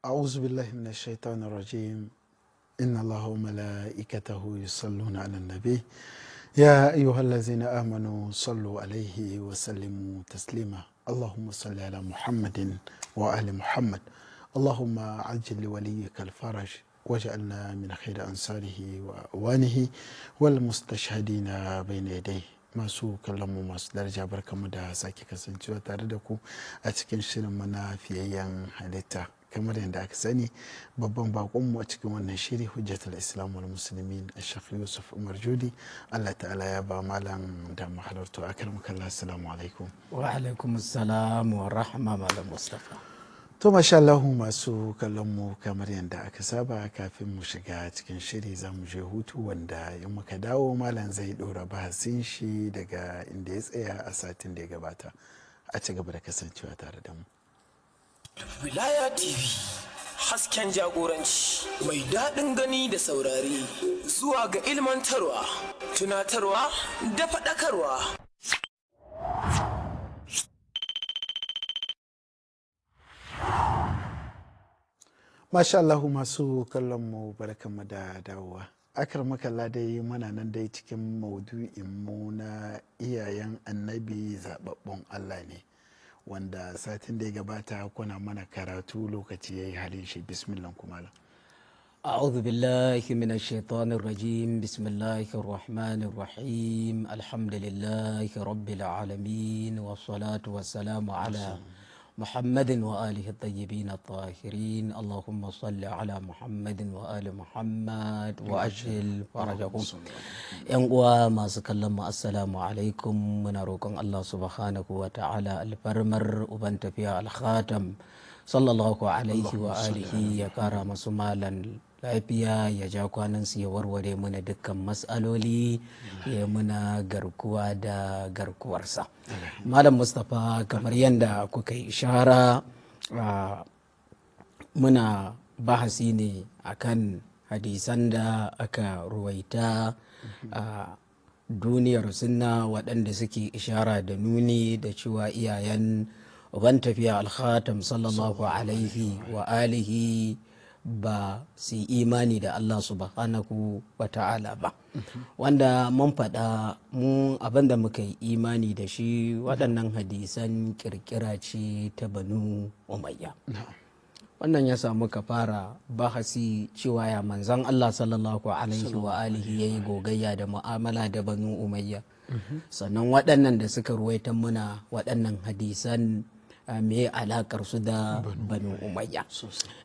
أعوذ بالله من الشيطان الرجيم إن الله وملائكته يصلون على النبي يا أيها الذين آمنوا صلوا عليه وسلموا تسليما اللهم صل على محمد وآل محمد اللهم عجل لوليك الفرج واجعلنا من خير أنصاره وأوانه والمستشهدين بين يديه masu kallonmu masu daraja barkanmu da sake kasancewa tare da ku a cikin shirin mana fiyayyen halitta kamar yadda aka sani babban bakonmu a cikin wannan shiri hujjatar islam wal musulmin ashaq yusuf umar judi allah ta'ala ya ba malam da mahalarta a kalla assalamu alaikum wa alaikum assalam wa rahma malam mustafa to masha Allah masu kallon mu kamar yadda aka saba kafin mu shiga cikin shiri za mu je hutu wanda in muka dawo malam zai ɗora bahasin shi daga inda ya tsaya a satin da ya gabata a ci gaba da kasancewa tare da mu Wilaya TV hasken jagoranci mai daɗin gani da saurari zuwa ga ilmantarwa, tunatarwa da faɗakarwa. Masha Allahu masu barkan mu da dawowa. akar makalla dai mana nan dai cikin maudu'in mu na iyayen annabi zaɓaɓɓun Allah ne. wanda satin da ya gabata kuna mana karatu lokaci ya yi halin shi bismillah kumala أعوذ بالله من الشيطان الرجيم بسم الله الرحمن الرحيم الحمد لله رب العالمين والصلاة والسلام على محمد وآله الطيبين الطاهرين اللهم صل على محمد وآل محمد وأجل فرجهم ‘yan uwa masu kallon mu assalamu alaikum muna roƙon Allah subhanahu wa ta'ala alfarmar uban tafiya alkhatam sallallahu alaihi wa alihi ya kara masu lafiya ya ja su ya warware muna dukkan matsaloli ya muna garkuwa da garkuwarsa malam mustapha kamar yadda kuka yi ishara muna bahasi ne akan hadisan da aka ruwaita a duniyar sunna waɗanda suke ishara da nuni da cewa iyayen uban tafiya alkhatam sallallahu alaihi wa alihi ba su yi imani da Allah subhanahu wa ta'ala ba wanda mun faɗa mu abinda muka yi imani da shi waɗannan hadisan kirkira ce ta banu umayya wannan ya samu ka fara bahasi cewa ya manzan Allah sallallahu alaihi wa alihi ya yi gogayya da mu'amala da banu umayya mhm. sannan waɗannan da suka ruwaita muna waɗannan hadisan me alakar su da banu umayya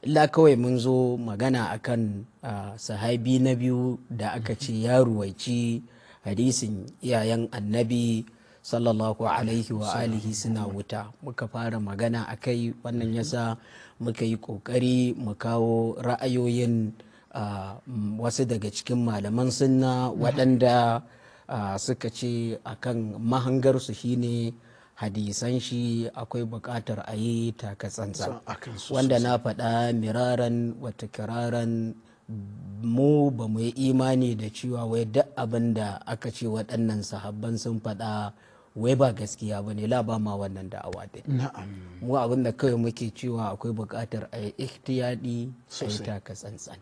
illa kawai mun zo magana akan sahabi na biyu da aka ce mhm. ya ruwaici hadisin iyayen annabi sallallahu alaihi wa alihi suna wuta muka fara magana a kai wannan mhm. yasa muka yi kokari mu kawo ra'ayoyin wasu daga cikin malaman sunna mhm. waɗanda suka ce akan mahangarsu shine hadisan shi akwai bukatar a yi taka tsantsan wanda na faɗa miraran wata kiraran mu ba mu yi imani da cewa wai duk abin da aka ce waɗannan sahabban sun faɗa wai ba gaskiya ba ne la ba ma wannan da'awa din mu abin da kawai muke cewa akwai bukatar a yi ihtiyadi a yi taka tsantsan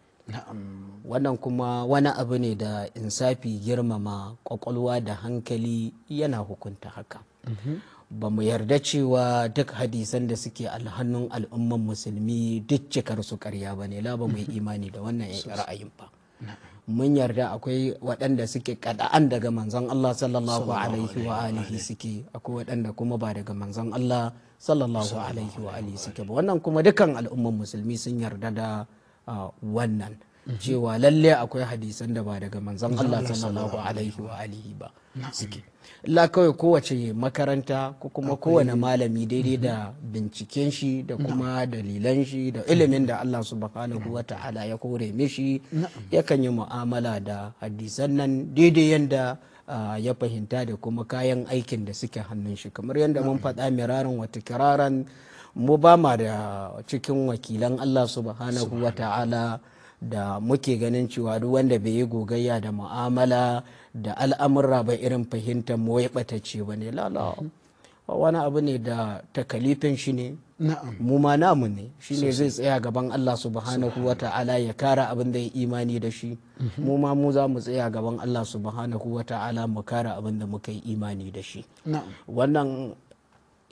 wannan kuma wani abu ne da insafi girmama kwakwalwa da hankali yana hukunta haka mm -hmm. ba mu yarda cewa duk hadisan da suke alhannun al'umman musulmi duk cikar su karya ba ne laba mai imani da wannan ra'ayin ba mun yarda akwai waɗanda suke kada'an daga manzon Allah sallallahu alaihi wa alihi suke akwai waɗanda kuma ba daga manzon Allah sallallahu alaihi wa alihi suke ba wannan kuma dukan al'umman musulmi sun yarda da ah, wannan cewa lalle akwai hadisan da ba daga manzan Allah sallallahu alaihi wa alihi ba suke Allah kawai kowace makaranta ko kuma kowane malami daidai da binciken shi da kuma dalilan shi da ilimin da Allah subhanahu wa ta'ala ya kore mishi yakan yi mu'amala da hadisan nan daidai yanda Uh, ya fahimta da kuma kayan aikin da suke hannun shi kamar yadda mun faɗa miraran wata kiraran mu ba ma da cikin wakilan Allah subhanahu wa ta'ala da muke ganin cewa duk wanda bai yi gogayya da mu'amala da al'amurra ba irin fahimtar mu ya ce ba ne lalawa wani abu ne da takalifin shi ne mu ma namu ne shi ne zai tsaya gaban Allah subhanahu wa ta'ala ya kara abin da ya imani da shi mhm. mu ma mu za mu tsaya gaban Allah subhanahu wa ta'ala mu kara abin da muka yi imani da shi wannan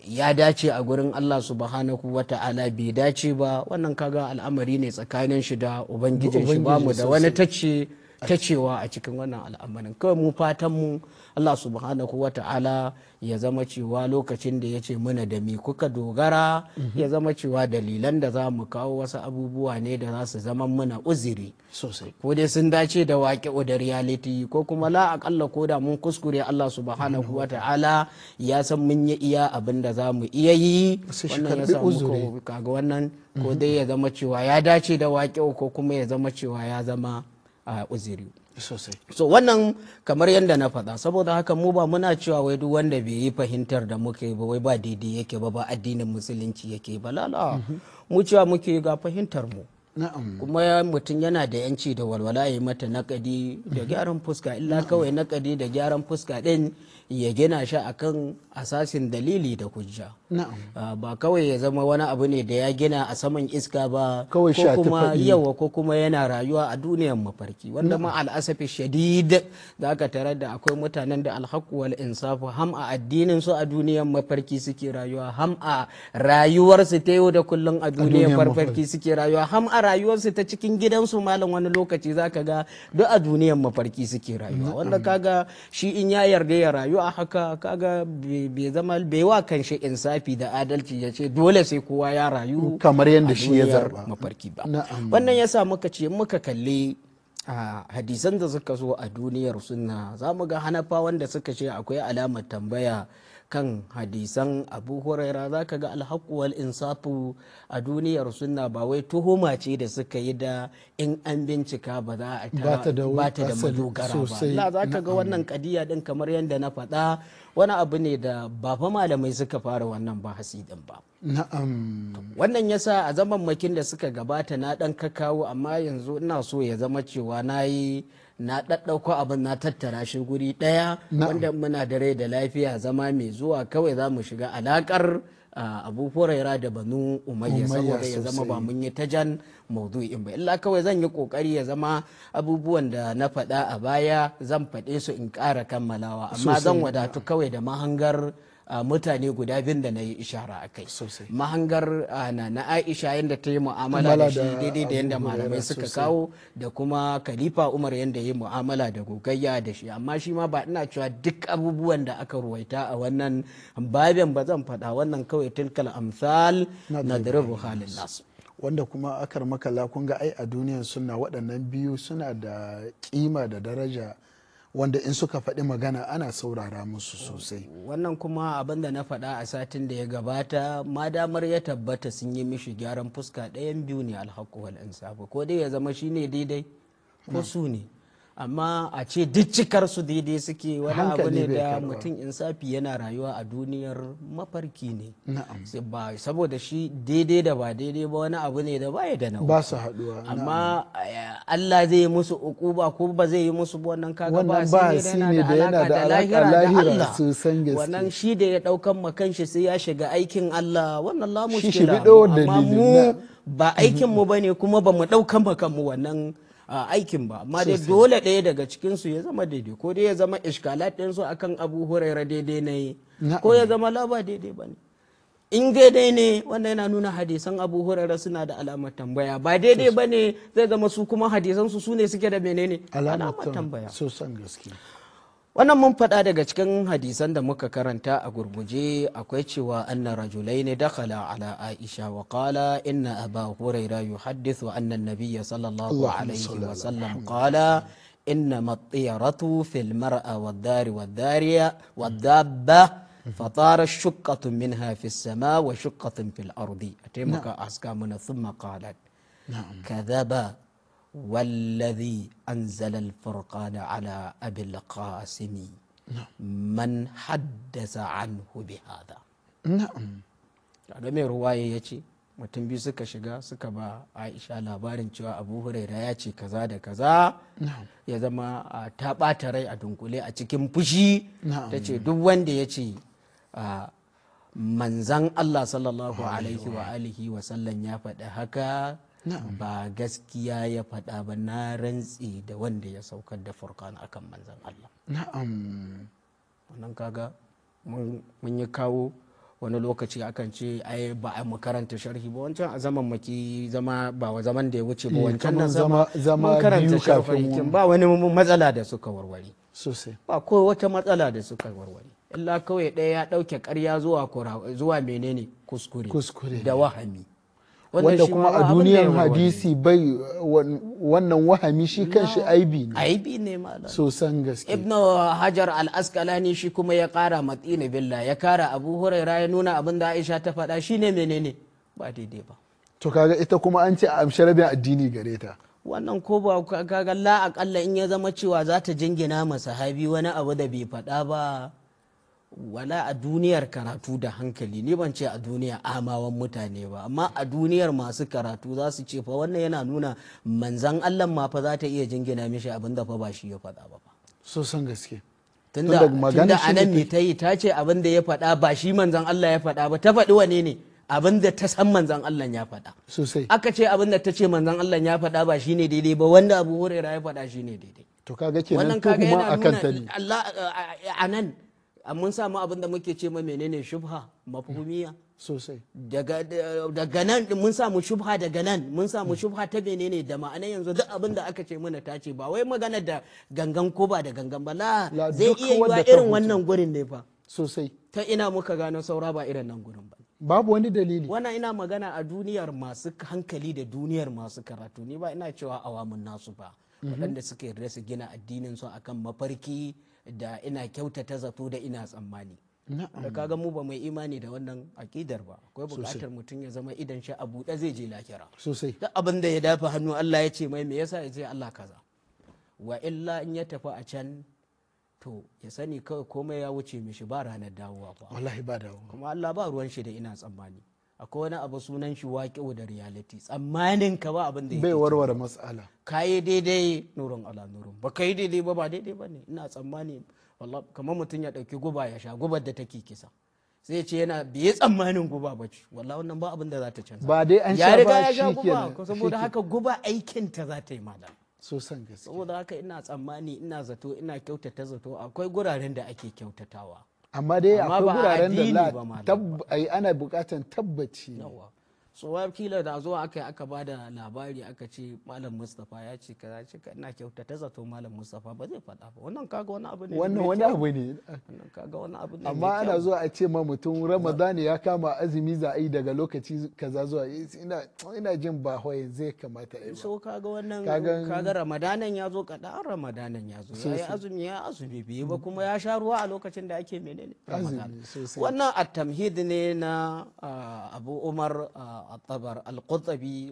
ya dace a gurin Allah subhanahu wa ta'ala bai dace ba wannan kaga al'amari ne tsakanin shi da ubangijin shi ba mu da wani tacce ta cewa a cikin wannan al'amarin kawai mu fatan mu Allah subhanahu wa ta'ala ya zama cewa lokacin da ya ce muna da mi kuka dogara mhm. ya zama cewa dalilan da za mu kawo wasu abubuwa ne da za su zama muna uziri sosai ko dai sun dace da waƙe da reality ko kuma la akalla ko da mun kuskure Allah subhanahu wa ta'ala ya san mun yi iya abin da za mu iya yi wannan ya samu ko mhm. dai ya zama cewa ya dace da waƙe ko kuma ya zama cewa ya zama a uziri so wannan kamar yadda na faɗa saboda haka mu ba muna cewa wai duk wanda bai yi fahimtar da muke ba wai ba daidai yake ba ba addinin musulunci yake ba lala mu cewa muke ga fahimtar mu kuma mutum yana da yanci da walwala ya mata nakadi da gyaran fuska illa kawai nakadi da gyaran fuska din ya gina shi akan asasin dalili da hujja ah, ba kawai ya zama wani abu ne da ya gina a saman iska ba ko kuma yawa ko kuma yana rayuwa a duniyar mafarki wanda ma al'asafi shadid da aka tarar da akwai mutanen da alhaku wal insafu ham a addinin su a duniyar mafarki suke rayuwa ham a rayuwar su ta yau da kullum a duniyar mafarki suke rayuwa ham a rayuwar su ta cikin gidansu malam wani lokaci zaka ga duk a duniyar mafarki suke rayuwa wanda kaga shi in ya yarda ya rayu a haka kaga bai zama bai wa kan shi insafi da adalci ya ce dole sai kowa ya rayu kamar yadda shi ya zarba mafarki ba wannan ya sa muka ce muka kalli a hadisan da suka zo a duniyar sunna za mu ga hanafa wanda suka ce akwai alamar tambaya kan hadisan abu huraira za ka ga alhaku wal insafu a duniyar sunna ba wai tuhuma ce da suka yi da in an bincika ba za a ta da madogara ba na za ka ga wannan kadiya din kamar yadda na faɗa wani abu ne da ba fa malamai suka fara wannan ba din ba na'am wannan yasa a zaman makin da suka gabata na dan kakawo amma yanzu ina so ya zama cewa na yi na ɗaɗɗauko abin na tattara shi guri ɗaya wanda muna da rai da lafiya zama mai zuwa kawai za mu shiga alaƙar abu huraira da banu umayya saboda ya zama ba mun yi ta jan maudu'in ba illa kawai zan yi kokari ya zama abubuwan da na faɗa a baya zan faɗe su in ƙara kammalawa amma zan wadatu kawai da mahangar mutane guda biyun da na yi ishara a kai mahangar na na aisha yadda ta yi mu'amala da shi daidai da yadda malamai suka kawo da kuma kalifa umar yadda yi mu'amala da gogayya da shi amma shi ma ba ina cewa duk abubuwan da aka ruwaita a wannan babin ba zan faɗa wannan kawai tilkal amsal na darabu halin nasu wanda kuma akar makala kun ga ai a duniyan suna waɗannan biyu suna da kima da daraja wanda in suka faɗi magana ana saurara musu sosai wannan kuma abin da na faɗa a satin da ya gabata ma damar ya tabbata sun yi mishi gyaran fuska ɗayan biyu ne alhakuwal wal ko dai ya zama shine daidai ko hmm. su ne amma a ce duk cikar su daidai suke wani abu ne da mutum insafi yana rayuwa a duniyar mafarki ne saboda shi daidai da ba daidai ba wani abu ne da baya da nawa ba su haduwa amma eh, Allah zai yi musu uku ba ko ba zai yi musu wannan kaga ba su ne da yana da alaka lahira su allah wannan shi da ya daukan makanshi sai ya shiga aikin Allah wannan lamu shi shi bi ba aikin mu bane kuma ba mu daukan mu wannan aikin ba amma dai dole ɗaya daga cikin su ya zama daidai ko dai ya zama iskalat ɗin su akan abu huraira daidai na yi ko ya zama laba daidai ba ne in daidai ne wanda yana nuna hadisan abu huraira suna da alamar tambaya ba daidai ba zai zama su kuma hadisan su ne suke da menene alamar tambaya sosan gaskiya wannan mun faɗa daga cikin hadisan da muka karanta a gurguje akwai cewa anna rajulai ne dakhala ala aisha wa qala inna aba huraira yuhaddithu anna nabiyya sallallahu alaihi wa sallam qala inna matsiratu fil mar'a wad-dari wad fatara minha fi sama wa shuqqatun fil ardi a taimaka aska muna thumma qalat kadhaba والذي أنزل الفرقان على أبي القاسم من حدث عنه بهذا نعم da mai ruwaye ya ce mutum biyu suka shiga suka ba aisha labarin cewa abu huraira ya ce kaza da kaza ya zama ta ɓata rai a dunkule a cikin fushi ta ce duk wanda ya ce manzan allah sallallahu alaihi wa alihi wa sallan ya faɗi haka ba gaskiya ya faɗa ba na rantse da wanda ya saukar da furkan akan manzan Allah na'am wannan kaga mun yi kawo wani lokaci akan ce ai ba a mu karanta sharhi ba wancan a zaman maki zama ba wa zaman da ya wuce ba eh, wancan nan zama mun karanta sharhi ba wani matsala da suka warware sosai ba ko wata matsala da suka warware illa kawai ɗaya ya ɗauke ƙarya zuwa zuwa menene kuskure da wahami wanda kuma a duniyar hadisi bai wannan wahami shi kanshi aibi ne aibi ne malam sosan gaske ibnu hajar al-asqalani shi kuma ya kara matina billa ya kara abu huraira ya nuna abin da aisha ta faɗa ne menene ba daidai ba to kaga ita kuma an ce amshi rabin addini gare ta wannan ko ba kaga la akalla in ya zama cewa za ta jingina masa sahabi wani abu da bai faɗa ba wala a duniyar karatu da hankali ni ban ce a duniya amawan mutane ba amma a duniyar masu karatu za su ce fa wannan yana nuna manzan allah ma fa za ta iya jingina mishi abin da fa ba shi ya faɗa ba so san gaske da anan ne ta yi ta ce abin da ya faɗa ba shi manzan allah ya faɗa ba ta faɗi wane ne abin da ta san manzan Allah ya faɗa. Sosai. Aka ce abin da ta ce manzan Allah ya faɗa ba shi ne daidai ba wanda Abu hurera ya faɗa ne daidai. To kaga kenan tuhuma akan ta ne. Allah anan Ah, mun samu abin da muke ce menene shubha mafhumiya sosai daga nan mun samu shubha daga nan mun samu shubha ta menene da ma'ana yanzu duk abin da aka ce mana ta ce ba wai magana da gangan ko ba da gangan ba la zai iya yi irin wannan gurin ne ba. sosai ta ina muka gano saura ba irin nan gurin ba babu wani dalili wannan ina magana a duniyar masu hankali da duniyar masu karatu ni ba ina cewa awamun nasu ba mm-hmm. waɗanda suka rasa gina addinin su akan mafarki da ina kyautata zato da ina tsammani da kaga mu ba mai imani da wannan akidar ba akwai bukatar mutum ya zama idan shi a buɗe zai je lakira sosai da abin da ya dafa hannu Allah ya ce mai me yasa ya ce Allah kaza wa illa in ya tafi a can to ya sani kawai komai ya wuce mishi ba ranar dawowa ba wallahi ba dawowa kuma Allah ba ruwan shi da ina tsammani akwai wani abu sunan shi waƙe da reality tsammanin ka ba abin da bai warware matsala ka yi daidai nurun ala nurun ba ka yi daidai ba ba daidai ba ne ina tsammani kamar mutum ya ɗauki guba ya sha gubar da take kisa sai ce yana biye tsammanin guba ba ce wallahi wannan ba abin da za ta canza ba dai an sha ba shi guba saboda haka guba aikin ta za ta yi So sosan gaske saboda haka ina tsammani ina zato ina kyautata zato akwai guraren da ake kyautatawa amma dai akwai wuraren da ana bukatan tabbaci so kila da zuwa aka yi aka bada labari aka ce malam mustapha ya ce kaza ce ka ina ta zato malam mustapha ba zai faɗa ba wannan kaga wani abu ne wannan wani abu ne wannan kaga wani abu ne amma ana zuwa a ce ma mutum ramadan ya kama azumi za a yi daga lokaci kaza zuwa eh, ina ina jin ba hoye zai kamata yi so kaga wannan kaga ramadanan ya zo kada ramadanan ya zo ya azumi ya azumi biyu ba kuma ya sha ruwa a lokacin da ake menene ramadan wannan at-tamhid ne na ah, abu umar ah, atabar al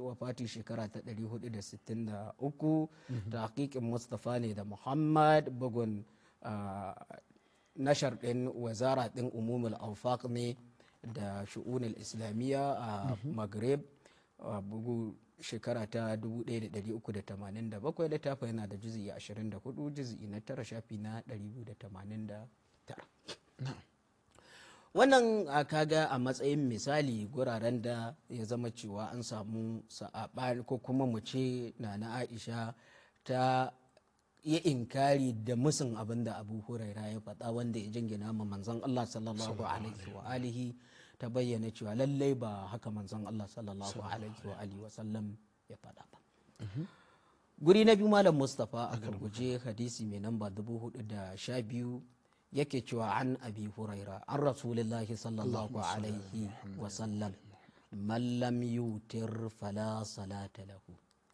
wa Fati shekara ta 463 ta hakikin mustapha ne da muhammad bugun nashar din wazara din umumul alfaq ne da shu'unul islamiyya a mhm. maghrib bugu shekara ta 1387 littafa yana da juzi 24 juzi na tara shafi na 289 wannan aka ga a matsayin misali guraren da ya zama cewa an samu sa'abari ko kuma mu ce na na aisha ta ya inkari da musun abin da abu huraira ya faɗa wanda ya jingina ma manzan allah sallallahu alaihi wa alihi ta bayyana cewa lallai ba haka manzan allah sallallahu alaihi wa alihi wasallam ya faɗa ba mhm. guri na biyu malam mustapha a gurguje hadisi mai namba dubu hudu da sha biyu عن أبي yake cewa an abi huraira an الله عليه وسلم من لم يوتر فلا صلاة له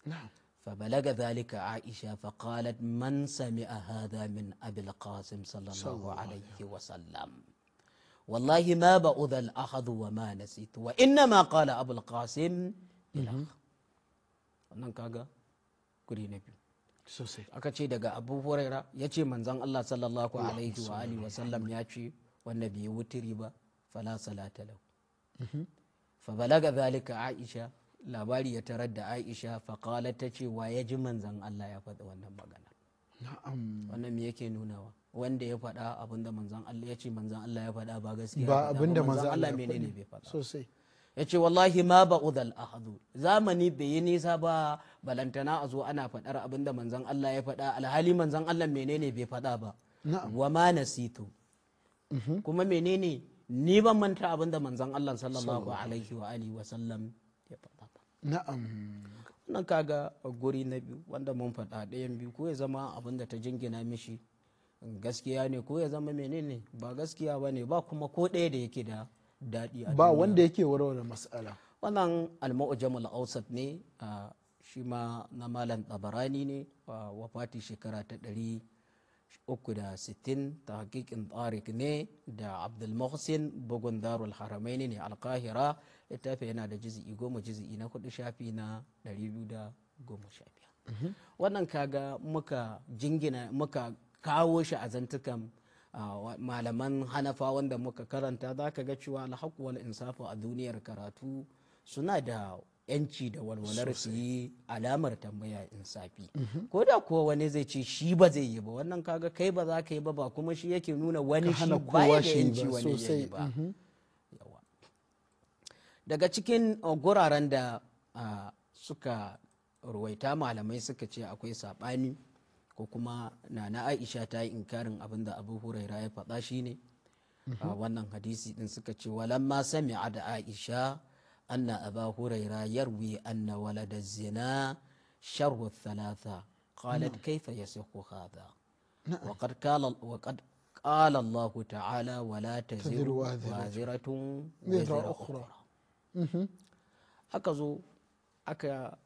نعم فبلغ ذلك عائشة فقالت من سمع هذا من أبي القاسم صلى الله عليه وسلم والله ما بأذى الأخذ وما نسيت وإنما قال أبو القاسم إلخ أنا كاغا كوري نبي sosai aka ce daga abu huraira ya ce manzan allah sallallahu alaihi wa alihi wa sallam ya ce wanda bai wutiri ba fala salata lau mm-hmm. fa balaga zalika aisha labari ya tarar da aisha faƙala ta ce wa ya ji manzan allah ya faɗi wannan magana wannan me yake nunawa wanda ya faɗa abinda manzan allah ya ce manzan allah ya faɗa ba gaskiya ba abinda manzan allah menene bai faɗa sosai ya ce wallahi ma ba udal ahadu zamani bai yi nisa ba balantana a zo ana faɗar abin da manzan Allah ya faɗa alhali manzan Allah menene bai faɗa ba wa ma sito mhm. kuma menene ni ban manta abin da manzan Allah sallallahu alaihi wa alihi wa sallam ya faɗa ba na'am wannan kaga guri na biyu wanda mun faɗa ɗayan biyu ko ya zama abin da ta jingina mishi gaskiya ne ko ya zama menene ba gaskiya ba ne ba kuma ko ɗaya da yake da daɗi ba wanda yake warware mas'ala wannan al ausat awsat ne shi ma na malam tabarani ne wafati shekara ta 360 ta hakikin tsarik ne da abdul muhsin bugun darul haramaini ne alkahira littafi yana da jizi'i goma jizi'i na kudu shafi na shafi. Mhm. wannan kaga muka jingina muka kawo shi a zantukan Ah, malaman hanafa wanda muka karanta za ka ga cewa alhaku wal insafu a duniyar karatu suna da yanci da walwalar su yi alamar tambaya insafi mm-hmm. ko da kuwa wani zai ce shi ba zai yi ba wannan kaga kai ba za ka yi ba ba kuma shi yake nuna wani shi ba da yanci wani ya yi ba mm-hmm. daga cikin uh, guraren da uh, suka ruwaita malamai suka ce akwai saɓani ko kuma na na aisha ta yi inkarin abin da abu huraira ya faɗa shi ne a wannan hadisi din suka ce walamma sami'a da aisha anna abu huraira yarwi anna walada zina sharhu thalatha qalat kaifa yasihu hadha وقد قال allah ta'ala الله تعالى ولا تزر وازرة وزر أخرى haka zo aka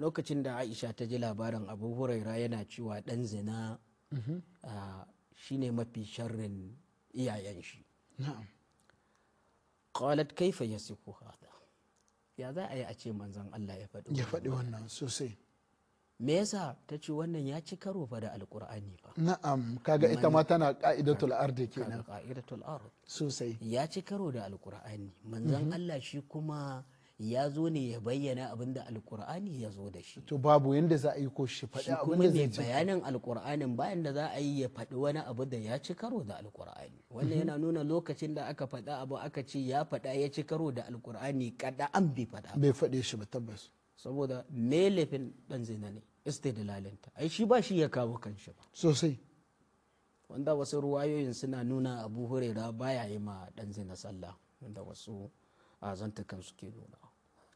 lokacin da aisha ta ji labarin abu huraira yana cewa dan zina mhm. shine mafi sharrin iyayen shi qalat kaifa yasiku hada ya za a yi a ce manzon Allah ya faɗi ya faɗi wannan sosai me yasa ta ce wannan ya ci karo fa da alkur'ani fa na'am kaga ita ma tana ka'idatul ardi kenan ka'idatul ard sosai ya ci karo da alkur'ani manzon mhm. Allah shi kuma ya zo ne ya bayyana abin da alkur'ani ya zo da shi to babu yanda za a yi ko shi faɗi abin da zai ci bayanin alkur'anin bayan da za a yi ya faɗi wani abu da ya ci karo da alkur'ani wannan mhm. yana nuna lokacin da aka faɗa abu aka ce ya faɗa ya ci karo da alkur'ani kada an bi faɗa bai faɗe shi ba tabbas saboda me lafin dan zina ne istidlalinta ai shi ba shi ya kawo kanshi ba sosai wanda wasu ruwayoyin suna nuna abu hurera baya yi ma dan zina sallah wanda wasu azantakan suke nuna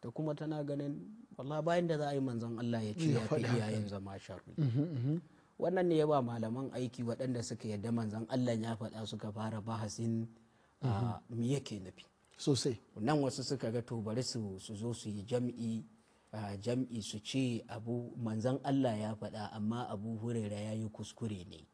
da kuma tana ganin wallah bayan da za a yi manzon Allah ya ce ya fi iyayen zama sharri mm-hmm, mm-hmm. wannan ne ya ba malaman aiki waɗanda suka yadda manzon Allah ya faɗa suka fara bahasin ah, mm-hmm. me yake nufi sosai nan wasu suka ga to bari su zo su yi jam'i ah, jam'i su ce abu manzon Allah ya faɗa amma abu hurera ya yi kuskure ne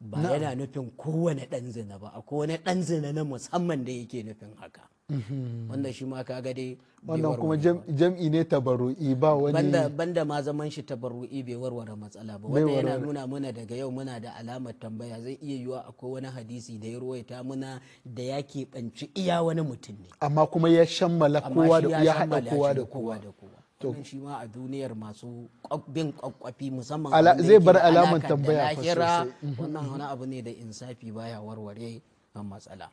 ba yana nufin kowane ɗan zina ba akwai wani ɗan zina na musamman da yake nufin haka mm-hmm. wanda shi ma kaga dai wannan kuma jam'i ne tabarru'i ba wani banda ma zaman shi tabarru'i bai warware matsala ba wanda yana nuna muna daga yau muna da alamar tambaya zai iya yiwa akwai wani hadisi da ya ruwaita muna da ya keɓanci iya wani mutum ne amma kuma ya shammala kowa da kowa da kowa wannan shi ma a duniyar masu bin kwakwafi musamman zai bar alaman tambaya lahira mhm. wannan wani mhm. abu ne da insafi baya warware matsala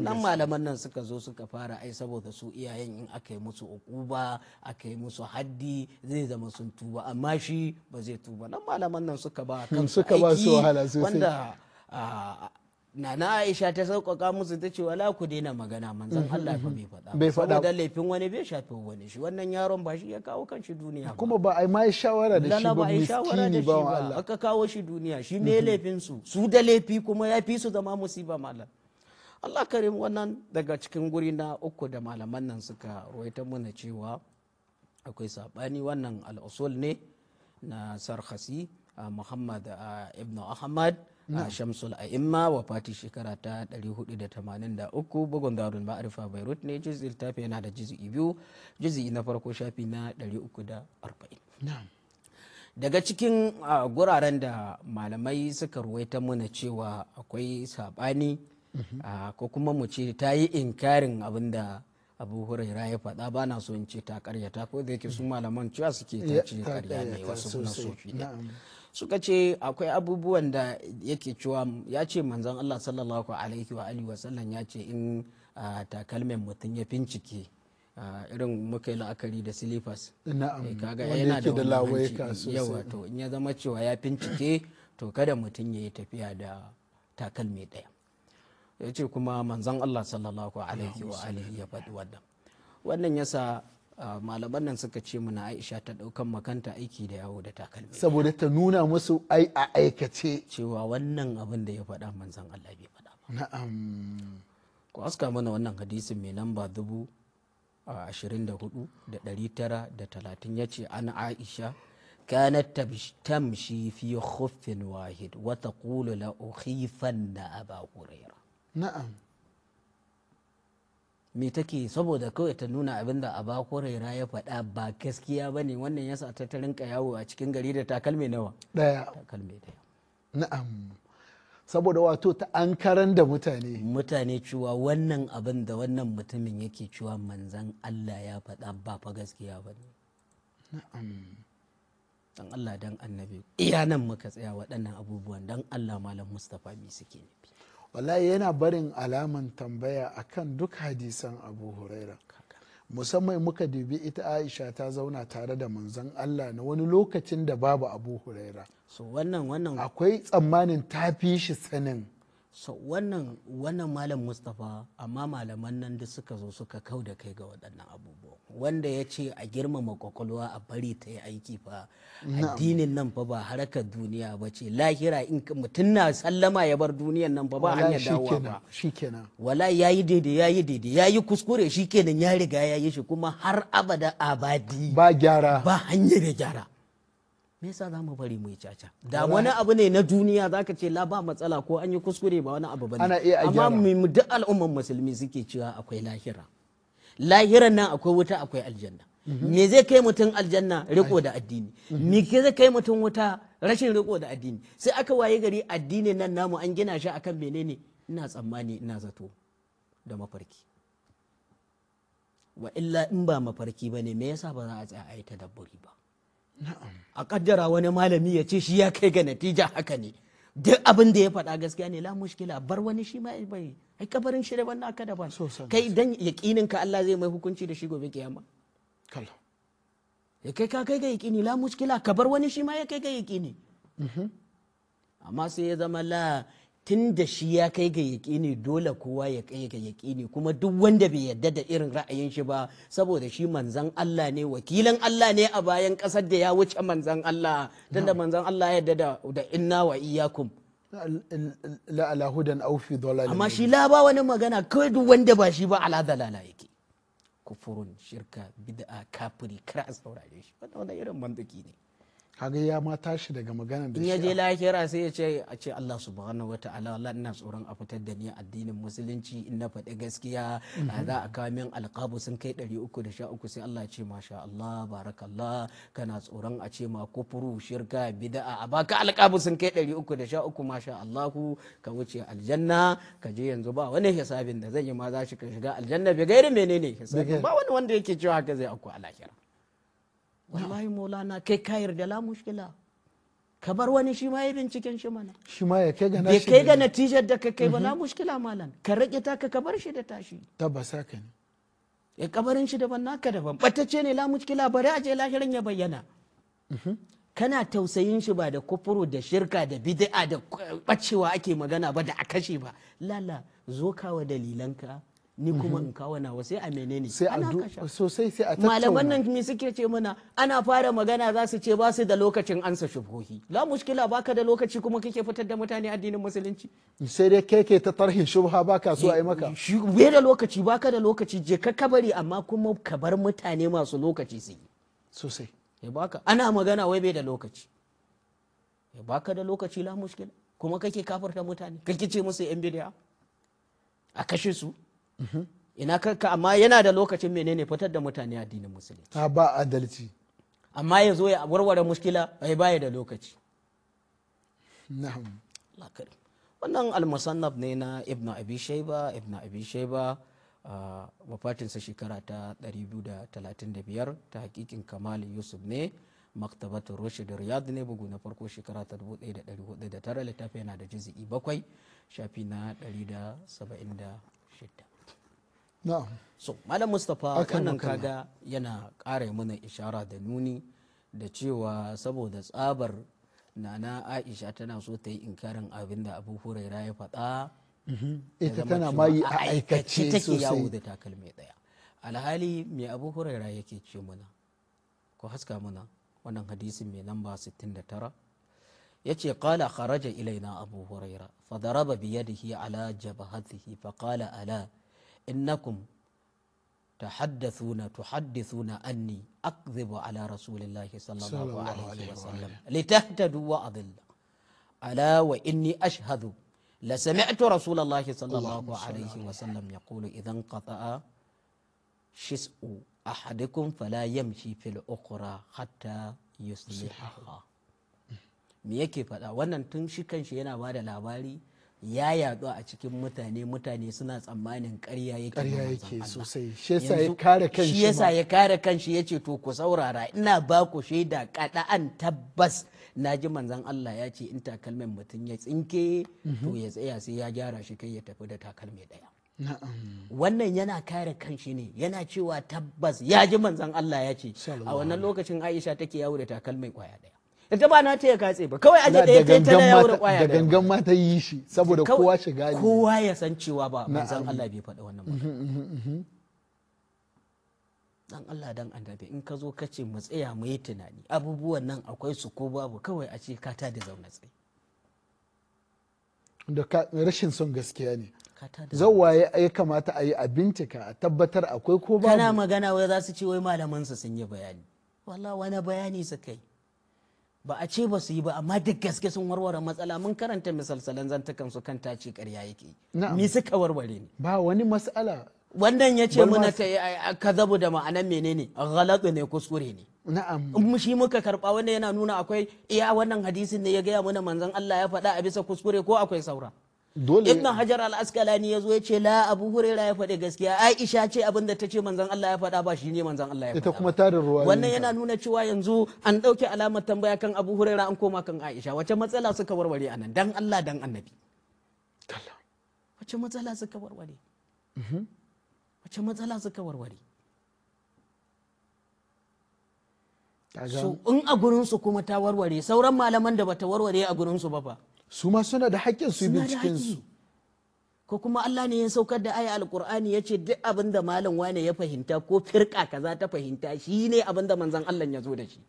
nan malaman nan suka zo suka fara ai saboda su iyayen in aka yi musu ukuba aka yi musu haddi zai zama sun tuba amma shi ba zai tuba nan malaman nan suka ba hmm, kansu aiki wanda ah, nana aisha ta sauƙaƙa musu ta ce wala ku daina magana manzon mhm, Allah mhm, fa mhm. bai faɗa bai faɗa da laifin wani bai shafi wani shi wannan yaron ba shi ya kawo kan shi duniya kuma ba ai mai shawara da shi ba miskini ba Allah aka kawo shi duniya shi ne laifin su su da laifi kuma ya fi su zama musiba malam Allah karim wannan daga cikin guri na uku da malaman nan suka ruwaita mana cewa akwai sabani wannan al'usul ne na sarhasi ah, Muhammad ah, ibn Ahmad a shamsul a imma wa fati shekara ta 483 bugun darul ma'arifa beirut ne ta tafi yana da juz'i biyu juz'i na farko shafi na 340 daga cikin guraren da malamai suka ruwaita muna cewa akwai sabani mhm. ko kuma mu ce ta yi inkarin abin da abu huraira ya faɗa ba na so in ce ta karyata ko da yake su mhm. malaman cewa suke ta ce karya ne wasu na sofi suka ce akwai abubuwan da yake cewa ya ce manzon Allah sallallahu alaihi wa alihi wa ya ce in takalmin mutum ya fincike irin muka yi la'akari da silifas eh, kaga yana da lawai yawa to in ya zama cewa ya fincike to kada mutum ya yi tafiya da takalmi ɗaya ya ce kuma manzon Allah sallallahu alaihi wa alihi ya faɗi wannan wannan yasa Ah, malaman nan suka ce muna aisha ta daukan makanta aiki da yawo da takalmi saboda ta nuna musu ai a aikace cewa wannan abin da ya faɗa manzon Allah bai faɗa ba na'am ku aska mana wannan hadisin mai lamba dubu ah, ashirin da hudu da ɗari tara da talatin ya ce an aisha كانت تمشي wahid wata واحد وتقول لأخيفن أبا me take saboda kawai ta nuna abin da aba raira ya faɗa ba gaskiya ba ne wannan ya sa ta rinka yawo a cikin gari da takalmi nawa ɗaya takalmi ɗaya na'am saboda wato ta an karan da mutane mutane cewa wannan abin da wannan mutumin yake cewa manzan allah ya faɗa ba fa gaskiya ba ne na'am dan allah dan annabi iya nan muka tsaya waɗannan abubuwan dan allah malam mustapha bi suke nufi wallahi yana barin alaman tambaya akan duk hadisan abu huraira musamman muka dubi ita aisha ta zauna tare da manzon allah na wani lokacin da babu abu huraira akwai tsammanin ta fi shi sanin so wannan wannan malam mustapha amma malaman nan duk suka zo suka kau da kai ga waɗannan abubuwa wanda ya ce a girmama kwakwalwa a bari ta yi aiki fa addinin nan fa ba harkar duniya ba ce lahira in mutum na sallama ya bar duniyan nan fa ba hanyar dawowa ba shikenan wala yayi daidai yayi daidai yayi kuskure shikenan ya riga ya yi shi kuma har abada abadi ba gyara ba hanyar gyara me yasa za mu bari mu yi caca da wani abu ne na duniya zaka ce la ba matsala ko an yi kuskure ba wani abu bane amma mu duk al'umman musulmi suke cewa akwai lahira lahiran nan akwai wuta akwai aljanna mhm. me zai kai mutum aljanna riko da addini mhm. me zai kai mutum wuta rashin riko da addini sai aka waye gari addini nan namu an gina shi akan menene ina tsammani ina zato da mafarki wa illa in ba mafarki bane me yasa ba za a tsaya a yi ba a kaddara wani malami ya ce shi ya kai ga natija haka ne duk abin da ya faɗa gaskiya ne la mushkila bar wani shi ma bai ai kabarin shi da daban naka ban kai dan yaqinin ka Allah zai mai hukunci da shi gobe kiyama kallo ya kai ka kai ga yaqini la mushkila kabar wani shi ma ya kai ga yaqini mhm. amma sai ya zama la tun da shi ya kai ga ne dole kowa ya kai ga ne kuma duk wanda bai yarda da irin ra'ayin shi ba saboda shi manzan Allah ne wakilan Allah ne a bayan kasar da ya wuce manzan Allah tunda manzan Allah ya yarda da inna wa iyakum la ala hudan aw fi amma shi la ba wani magana kawai duk wanda ba shi ba ala dalala yake kufurun shirka bid'a kafiri kar a saurare shi wannan irin mantiki ne kaga ya ma tashi daga magana da shi ya je lahira sai ya ce a ce Allah subhanahu wataala Allah ina tsoron a fitar da ni addinin musulunci in na faɗi gaskiya za a kawo min alƙabu sun kai 313 sai Allah ya ce masha Allah barakallah kana tsoron a ce ma kufuru shirka bid'a a baka alƙabu sun kai 313 masha Allah ka wuce aljanna ka je yanzu ba wani hisabin da zai yi ma za shi ka shiga aljanna bi gairi menene hisabin ba wani wanda yake cewa haka zai auku a lahira wallahi maulana kai ka yarda la mushkila ka bar wani shi ma yi binciken shi mana shi ma ya kai ga nashi ya kai ga natijar da ka kai ba la mhm. mushkila malam ka rage taka ka bar shi da tashi tabbas ka ne ya kabarin shi daban naka daban batacce ne la mushkila bari a je lahirin ya bayyana mhm. kana tausayin shi ba da kufuru da shirka da bid'a da bacewa ake magana ba da a kashe ba lala zo kawa dalilanka ni kuma mhm. in kawo nawa sai a menene sai a sosai sai a tattauna malaman nan me suke ce mana ana fara magana za su ce ba su da lokacin ansa shubhohi la mushkila baka da lokaci kuma kake fitar da mutane addinin musulunci sai dai kai ta tarhin shubha baka so ai maka bai eh, da lokaci baka da lokaci je ka kabari amma kuma ka bar mutane masu lokaci su yi sosai ya baka ana magana wai bai da lokaci ya baka da lokaci la mushkila kuma kake kafarta mutane kake ce musu yan bid'a a kashe su ina karka amma yana da lokacin menene fitar da mutane addinin musulunci a ba adalci amma ya zo ya warware muskila bai baya da lokaci na'am wannan almasannaf ne na ibn abi shaiba ibn abi shaiba ah, sa shekara ta 235 ta hakikin kamal yusuf ne maktabatar rashid riyad ne bugu na farko shekara ta 1409 littafi yana da jizi'i bakwai shafi na 176 so malam mustapha wannan kaga yana ƙara mana ishara da nuni da cewa saboda tsabar nana aisha tana so ta yi inkarin abin da abu huraira ya faɗa mm-hmm. ita tana ma yi a aikace take yawo da takalmi ɗaya alhali mai abu huraira yake ce mana ko haska mana wannan hadisin mai lamba 69 ya ce kala kharaja ilaina abu huraira daraba biyadihi ala jabahatihi fa kala ala innakum tahaddathuna tuhaddithuna anni akdhibu ala rasulillahi sallallahu alaihi wa sallam litahtadu ala wa inni ashhadu la sami'tu rasulallahi sallallahu alaihi wa sallam yaqulu idhan qata'a shis'u ahadikum fala yamshi fil ukhra hatta yuslihaha me yake faɗa wannan tun shi kanshi yana bada labari ya yadu a cikin mutane mutane suna tsammanin ƙarya yake sosai shi yasa ya kare kanshi shi ya kare yace to ku saurara ina ba ku shaida kada'an tabbas na ji manzan Allah ya ce in takalmin mutum ya tsinke to ya tsaya sai ya gyara shi kai ya tafi da takalmi daya wannan yana kare kanshi ne yana cewa tabbas ya ji manzan Allah ya ce a wannan lokacin Aisha take yawo da takalmin kwaya daya ita ba na ta ya katse ba kawai aje da ya ta na yawo da kwaya da gangan ma ta yi shi saboda kowa shi gani kowa ya san cewa ba manzon Allah bai faɗa wannan ba mhm, mhm, mhm, dan Allah dan annabi in ka zo ka ce mu tsaya mu yi tunani abubuwan nan akwai su ko babu kawai a ce ka ta da zaune tsaye da rashin son gaskiya ne zan waye ya kamata a yi a bincika a tabbatar akwai ko babu kana magana wai za su ce wai malaman su sun yi bayani wallahi wani bayani suka yi ba a ce ba su yi ba amma duk gaske sun warware matsala mun karanta misalsalan zantakan su kan tace karya yake ni suka warware ne ba wani matsala wannan ya ce muna ta kazabu da ma'anan menene ghalatu ne kuskure ne na'am shi muka karba wannan yana nuna akwai iya wannan hadisin ne ya gaya mana manzon Allah ya faɗa a bisa kuskure ko akwai saura dole ibn hajar al-asqalani yazo yace la abu huraira ya faɗi gaskiya aisha ce abin da tace manzon Allah ya faɗa ba shine manzon Allah ya faɗa ita kuma tarin ruwa wannan yana nuna cewa yanzu an dauke alamar tambaya kan abu huraira an koma kan aisha wace matsala suka warware anan dan Allah dan annabi wace matsala suka warware mhm. wace matsala suka warware so in a gurin su kuma ta warware sauran malaman da bata warware a gurin su ba fa su ma suna da haƙƙin su cikin su ko kuma Allah ne ya saukar da aya alqur'ani yace duk abin da malam wane ya fahimta ko firka kaza ta fahimta shi ne abin da manzon Allah ya zo da shi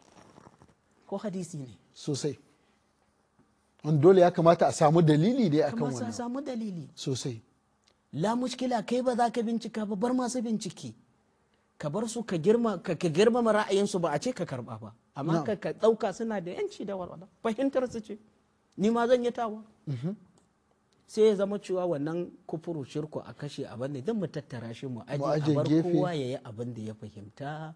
ko hadisi ne sosai an dole ya kamata a samu dalili dai akan wannan kamata a samu dalili sosai la mushkila kai ba za ka bincika ba bar masu bincike ka bar su ka girma ka girmama ra'ayinsu ba a ce ka karba ba amma ka dauka suna da yanci da walwala fahimtar su ce ni ma zan yi tawa mhm. sai ya zama cewa wannan kufuru shirku a kashe abin da mu tattara shi mu aje bar kowa ya yi abin da ya fahimta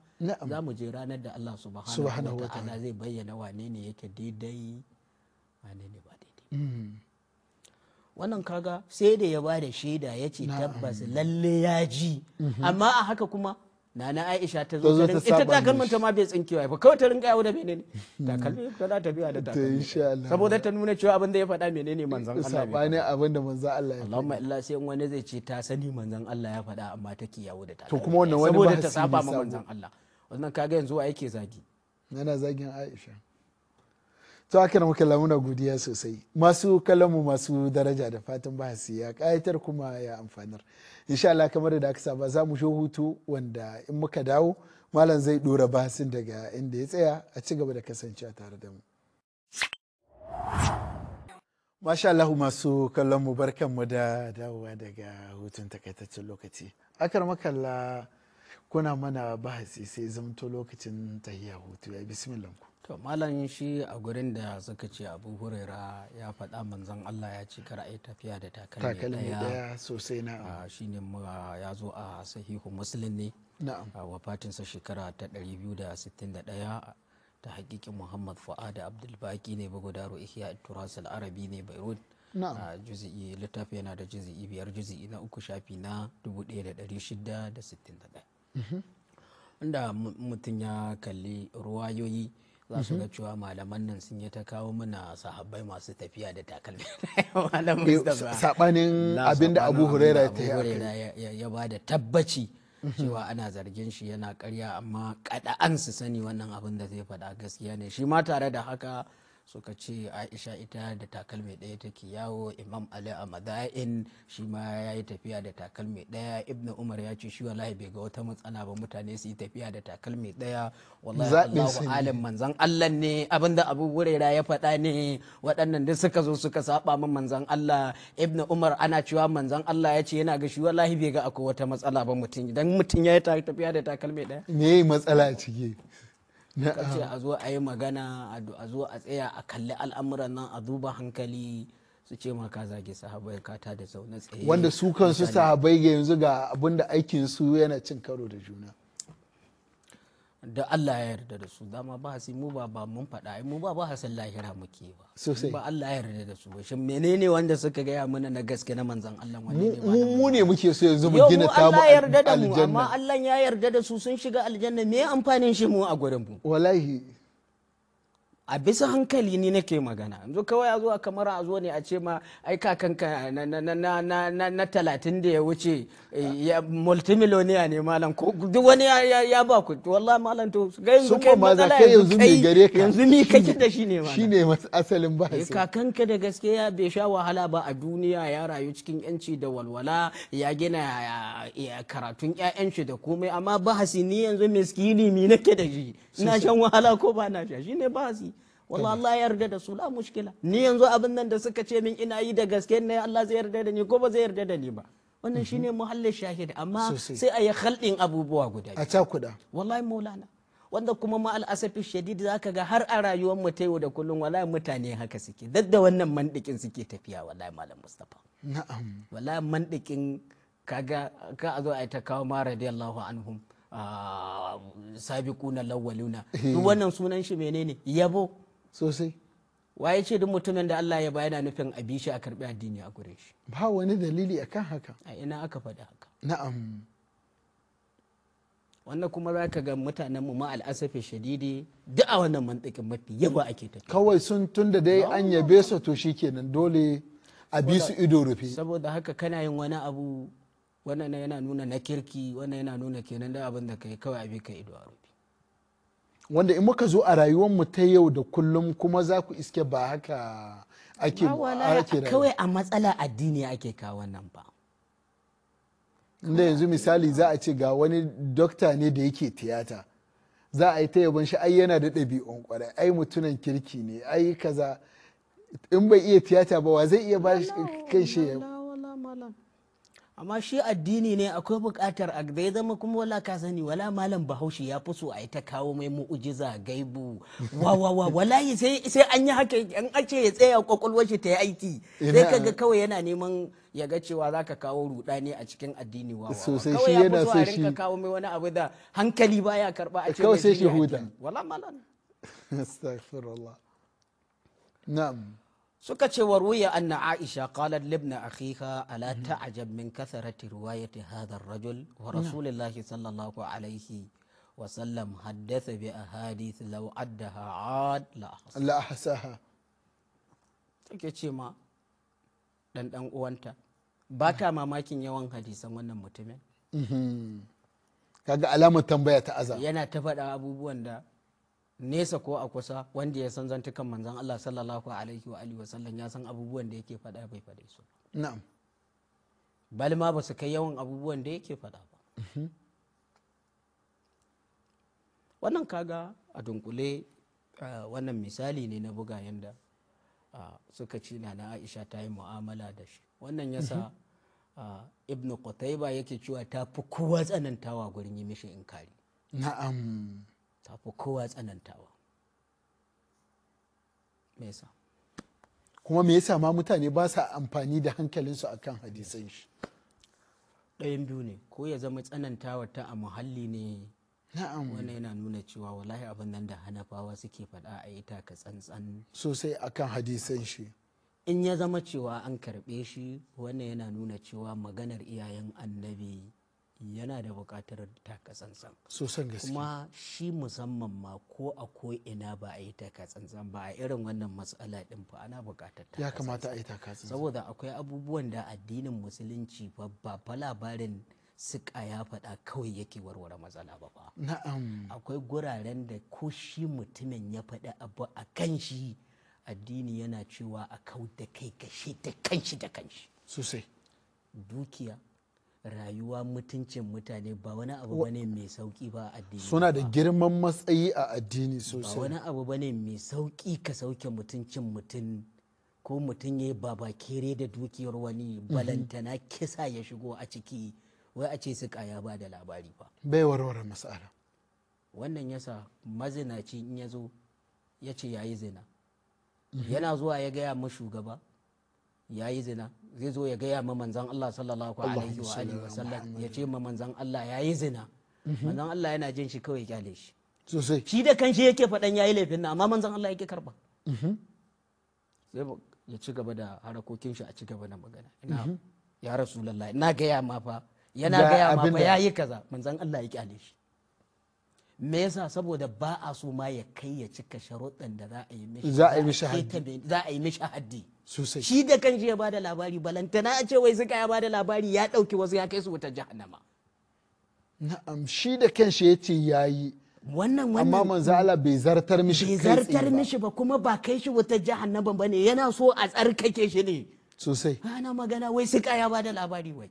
za mu je ranar da Allah subhanahu wa ta'ala zai bayyana wane ne yake daidai wane ne ba daidai mm. wannan kaga sai da ya ba da shaida ya ce tabbas lalle ya ji mhm. amma a haka kuma nana aisha ta zo ta ita takalmin ta ma bai tsinkewa ba kawai ta rinka yawo da menene takalmi ta za ta biya da takalmi saboda ta nuna cewa abin da ya faɗa menene manzon Allah sabani abin da manzon Allah ya faɗa Allahumma illa sai in wani zai ce ta sani manzon Allah ya faɗa amma take yawo da takalmi to kuma wannan wani ba saboda ta saba ma manzon Allah wannan kaga yanzu wa yake zagi yana zagin aisha to aka na muka launa godiya sosai masu kalamu masu daraja da fatan bahasi ya kayatar kuma ya amfanar insha Allah kamar da aka saba za mu hutu wanda in muka dawo malam zai dora bahasin daga inda ya tsaya a ci gaba da kasancewa tare da mu Masha Allah masu kallon mu barkan mu da dawowa daga hutun takaitaccen lokaci. Akar makalla kuna mana bahasi sai zamto lokacin tahiya hutu ya bismillah ku. to malam shi a gurin da suka ce abu huraira ya faɗa manzan allah ya ce kar a yi tafiya da takalmi daya sosai na ah, shi ne ya zo a sahihu muslim ne a ah, wafatinsa shekara ta 261 ta hakikin muhammad fu'ad abdulbaki ne bagudaro ihya turas arabi ne beirut a ah, juzi'i littafi yana da juzi'i biyar juzi'i na uku shafi na 1661 mhm. inda mutum ya kalli ruwayoyi za su ga mhm. cewa malaman nan sun yi ta kawo mana sahabbai masu tafiya da takalmi eh, sabanin abinda abu huraira ya ba da tabbaci mhm. cewa ana zargin shi yana karya amma kada'an su sani wannan abin da zai faɗa gaskiya ne shi ma tare da haka suka ce aisha ita da takalmi ɗaya take yawo imam ali a madain shi ma ya yi tafiya da takalmi ɗaya ibn umar ya ce shi wallahi bai ga wata matsala ba mutane su yi tafiya da takalmi ɗaya wallahi allahu alim manzan allah ne abinda abu wurera ya faɗa ne waɗannan duk suka zo suka saba min manzan allah ibn umar ana cewa manzan allah ya ce yana ga shi wallahi bai ga akwai wata matsala ba mutum idan mutum ya yi tafiya da takalmi ɗaya me matsala cike? kace a zo a yi magana a zo a tsaya a kalli al'amuran nan a duba hankali su ce ma ka zage sahabai ka ta da zaune tsaye wanda su kansu sahabai ga yanzu ga abinda aikin su yana cin karo da juna da Allah ya yarda da su dama ba hasi mu ba ba mun faɗa mu ba ba hasan lahira muke ba sosai ba Allah ya yarda da su ba shin menene wanda suka gaya mana na gaske na manzon Allah wani ne mu ne muke so yanzu mu gina ta mu Allah yarda da mu amma Allah ya yarda da su sun shiga aljanna me amfanin shi mu a gurin mu wallahi a bisa hankali ni nake magana yanzu kawai a zuwa kamar a zo ne a ce ma ai kakanka na talatin da ya wuce eh, multimiloniya ne malam ko duk wani ya ba ku wallahi malam to ga yanzu kai matsala yanzu kai gare ka yanzu ni kake da shi ne malam ne asalin ba sai eh, kakanka da gaskiya bai sha wahala ba a duniya ya rayu cikin yanci da walwala ya gina karatun ƴaƴan shi da komai amma bahasi ni yanzu miskini mi nake da shi ina shan wahala ko ba na sha shine bahasi wallah Allah ya yarda da su la mushkila ni yanzu abin nan da suka ce min ina yi da gaske ne Allah zai yarda da ni ko ba zai yarda da ni ba wannan shine mhm. muhallin shahid amma sai a yi khaldin abubuwa guda a kuda wallahi maulana wanda kuma ma asafi shadid zaka ga har a rayuwar mu ta yau da kullun wallahi mutane haka suke dadda wannan mandikin suke tafiya wallahi malam mustafa na'am wallahi mandikin kaga ka a zo a ta kawo ma radiyallahu anhum ah, sabiquna lawwaluna eh. duk wannan sunan shi menene yabo sosai waye ce duk mutumin da Allah ya ba yana nufin a shi a karbi addini a gure shi ba wani dalili akan haka a ina aka faɗi haka na'am wannan kuma za ka ga mutanen mu ma al'asafi shadidi duk a wannan mantikin mafi yawa ake tafiya kawai sun tunda dai an yabe su to shikenan dole a bi su ido rufe saboda haka kana yin wani abu wannan yana nuna na kirki wannan yana nuna kenan da abin da kai kawai abi ka ido rufe wanda in muka zo a rayuwar mu ta yau da kullum kuma za ku iske ba haka ake ake kawai a matsala addini ake kawo wannan ba inda yanzu misali za a ce ga wani dokta ne da yake tiyata za a yi ta yabon shi ai yana da ɗabi'un kwarai ai mutunan kirki ne ai kaza in bai iya tiyata ba wa zai iya ba kan shi amma shi addini ne akwai buƙatar da ya zama kuma wala ka sani wala malam bahaushe ya fi so a yi ta kawo mai mu'ujiza gaibu wa wa wa wala sai an yi haka an ace ya tsaya kwakwalwar shi ta yi aiki sai kaga kawai yana neman ya ga cewa za ka kawo ne a cikin addini wa kawai shi yana so shi ka kawo mai wani abu da hankali baya karba a cikin kawai sai shi wala malam astaghfirullah na'am suka ce wa ruya anna aisha qalat libna akhiha ala ta'jab min kasarati riwayati hadha ar-rajul wa rasulillahi sallallahu alaihi wa sallam haddatha bi ahadith law addaha ad la ahsaha take ce ma dan dan uwanta ba ta mamakin yawan hadisan wannan mutumin mhm. kaga alamar tambaya ta aza yana ta faɗa abubuwan da nesa ko a kusa wanda ya san zantukan manzan Allah sallallahu alaihi wa alihi wasallam ya san abubuwan da yake faɗa bai faɗe su na'am ba su kai yawan abubuwan da yake faɗa ba mhm. wannan kaga a dunkule wannan misali ne na buga yanda suka ci na na aisha ta yi mu'amala da shi wannan yasa mhm. ibn qutayba yake cewa ta fi kowa tsanantawa gurin yi mishi inkari na'am ta fi kowa tsanantawa me yasa kuma me yasa ma mutane ba sa amfani da hankalinsu akan hadisan shi ɗayan biyu ne ko ya zama tsanantawa ta a muhalli ne na'am wannan yana nuna cewa wallahi abin nan da hanafawa suke faɗa a ita ka tsantsan sosai akan hadisan shi in ya zama cewa an karɓe shi wannan yana nuna cewa maganar iyayen annabi yana da buƙatar takatsantsan sosan gaske kuma shi musamman ma ko a ko ina ba a yi takatsantsan ba a irin wannan matsala din fa ana buƙatar ya kamata a yi takatsantsan saboda akwai abubuwan da addinin musulunci ba fa labarin suka ya faɗa kawai yake warware matsala ba fa na'am akwai guraren da ko shi mutumin ya faɗi abu a kan shi addini yana cewa a kau da kai kashe da kanshi da kanshi sosai dukiya rayuwa mutuncin mutane ba wani abu bane mai sauki ba addini suna da girman matsayi a addini sosai ba wani abu bane mai sauki ka sauke mutuncin mutum ko mutum ya baba kere da dukiyar wani mhm. balantana kisa ya shigo a ciki wai a ce su kaya ba da labari ba bai warware matsala wannan yasa mazinaci in ya zo ya ce ya yi zina mhm. yana zuwa ya gaya ma shugaba ya yi zina zai zo ya gaya ma manzan Allah sallallahu alaihi wa alihi wa sallam ya ce ma manzan Allah ya yi zina mhm. manzan Allah yana jin shi kawai kyale shi sosai shi da kanshi yake faɗan ya yi laifin na amma manzan Allah yake karba mhm. sai ya ci gaba da harakokin shi a ci gaba da magana mhm. Ya ya rasulullah ina gaya ma fa yana gaya ma fa ya yi kaza manzan Allah ya kyale shi me yasa saboda ba a so ma ya kai ya cika sharuɗan da za a yi mishi za a yi mishi haddi sosai shi da kanshi ya bada labari balantana a ce wai suka ya bada labari ya ɗauki wasu ya kai su wata jahannama na'am shi da kanshi ya ce yayi wannan wannan amma manzo Allah bai zartar mishi bai zartar mishi ba kuma ba kai shi wuta jahannama bane yana so a tsarkake shi ne sosai ana magana wai suka ya bada labari wai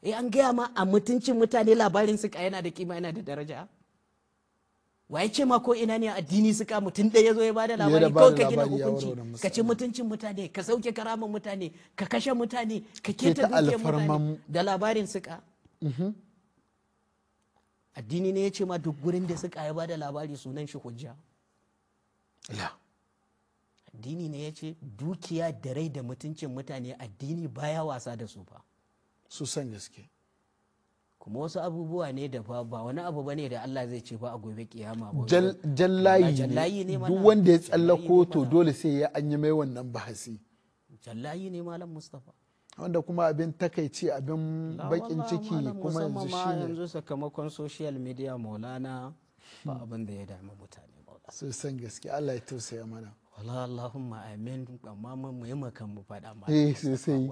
eh an gaya ma a mutuncin mutane labarin suka yana da kima yana da daraja waye ce ma ko ina ne addini suka mutum ɗaya zo ya bada labari ko ka gina hukunci ka ci mutuncin mutane ka sauke karamin mutane ka kashe mutane ka keta dukiyar mutane da labarin suka mm-hmm. addini ne ya ce ma duk gurin da suka ya bada labari sunan shi hujja addini ne ya ce dukiya da rai da mutuncin mutane addini baya wasa da su ba su san gaske kuma wasu abubuwa ne da ba ba wani abu bane da Allah zai ce ba a gobe kiyama ba jallayi ne duk wanda ya tsallako to dole sai ya anyi mai wannan bahasi jallayi ne malam mustafa wanda kuma abin takaici abin bakin ciki kuma yanzu shi ne yanzu sakamakon social media maulana ba hmm. abin da ya dami mutane so san gaske Allah ya tausaya mana wala Allahumma amin amma mu yi makan mu faɗa ma eh sai sai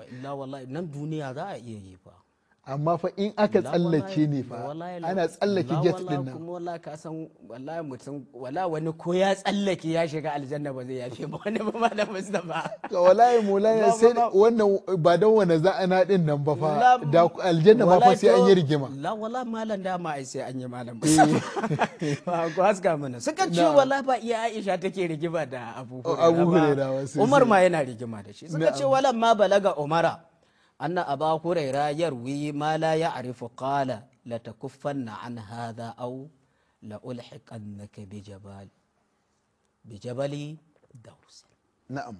nan duniya za a iya yi fa amma fa in aka tsallake ne fa ana tsallake get din nan wallahi ka san wallahi mutum wallahi wani ko ya tsallake ya shiga aljanna ba zai yafe ba wani ba malam Mustafa to wallahi mulana sai wannan ba dan wani za ana din nan ba fa da aljanna ba fa sai an yi rigima la wallahi malam da ma ai sai an yi malam eh. ba ko haska mana suka ce wallahi ba iya Aisha take rigima da Abu oh, Hurairah Umar ma yana rigima da shi suka ce wallahi ma balaga Umara أن أبا هريرة يروي ما لا يعرف قال لتكفن عن هذا أو لألحقنك بجبال بجبل دوس نعم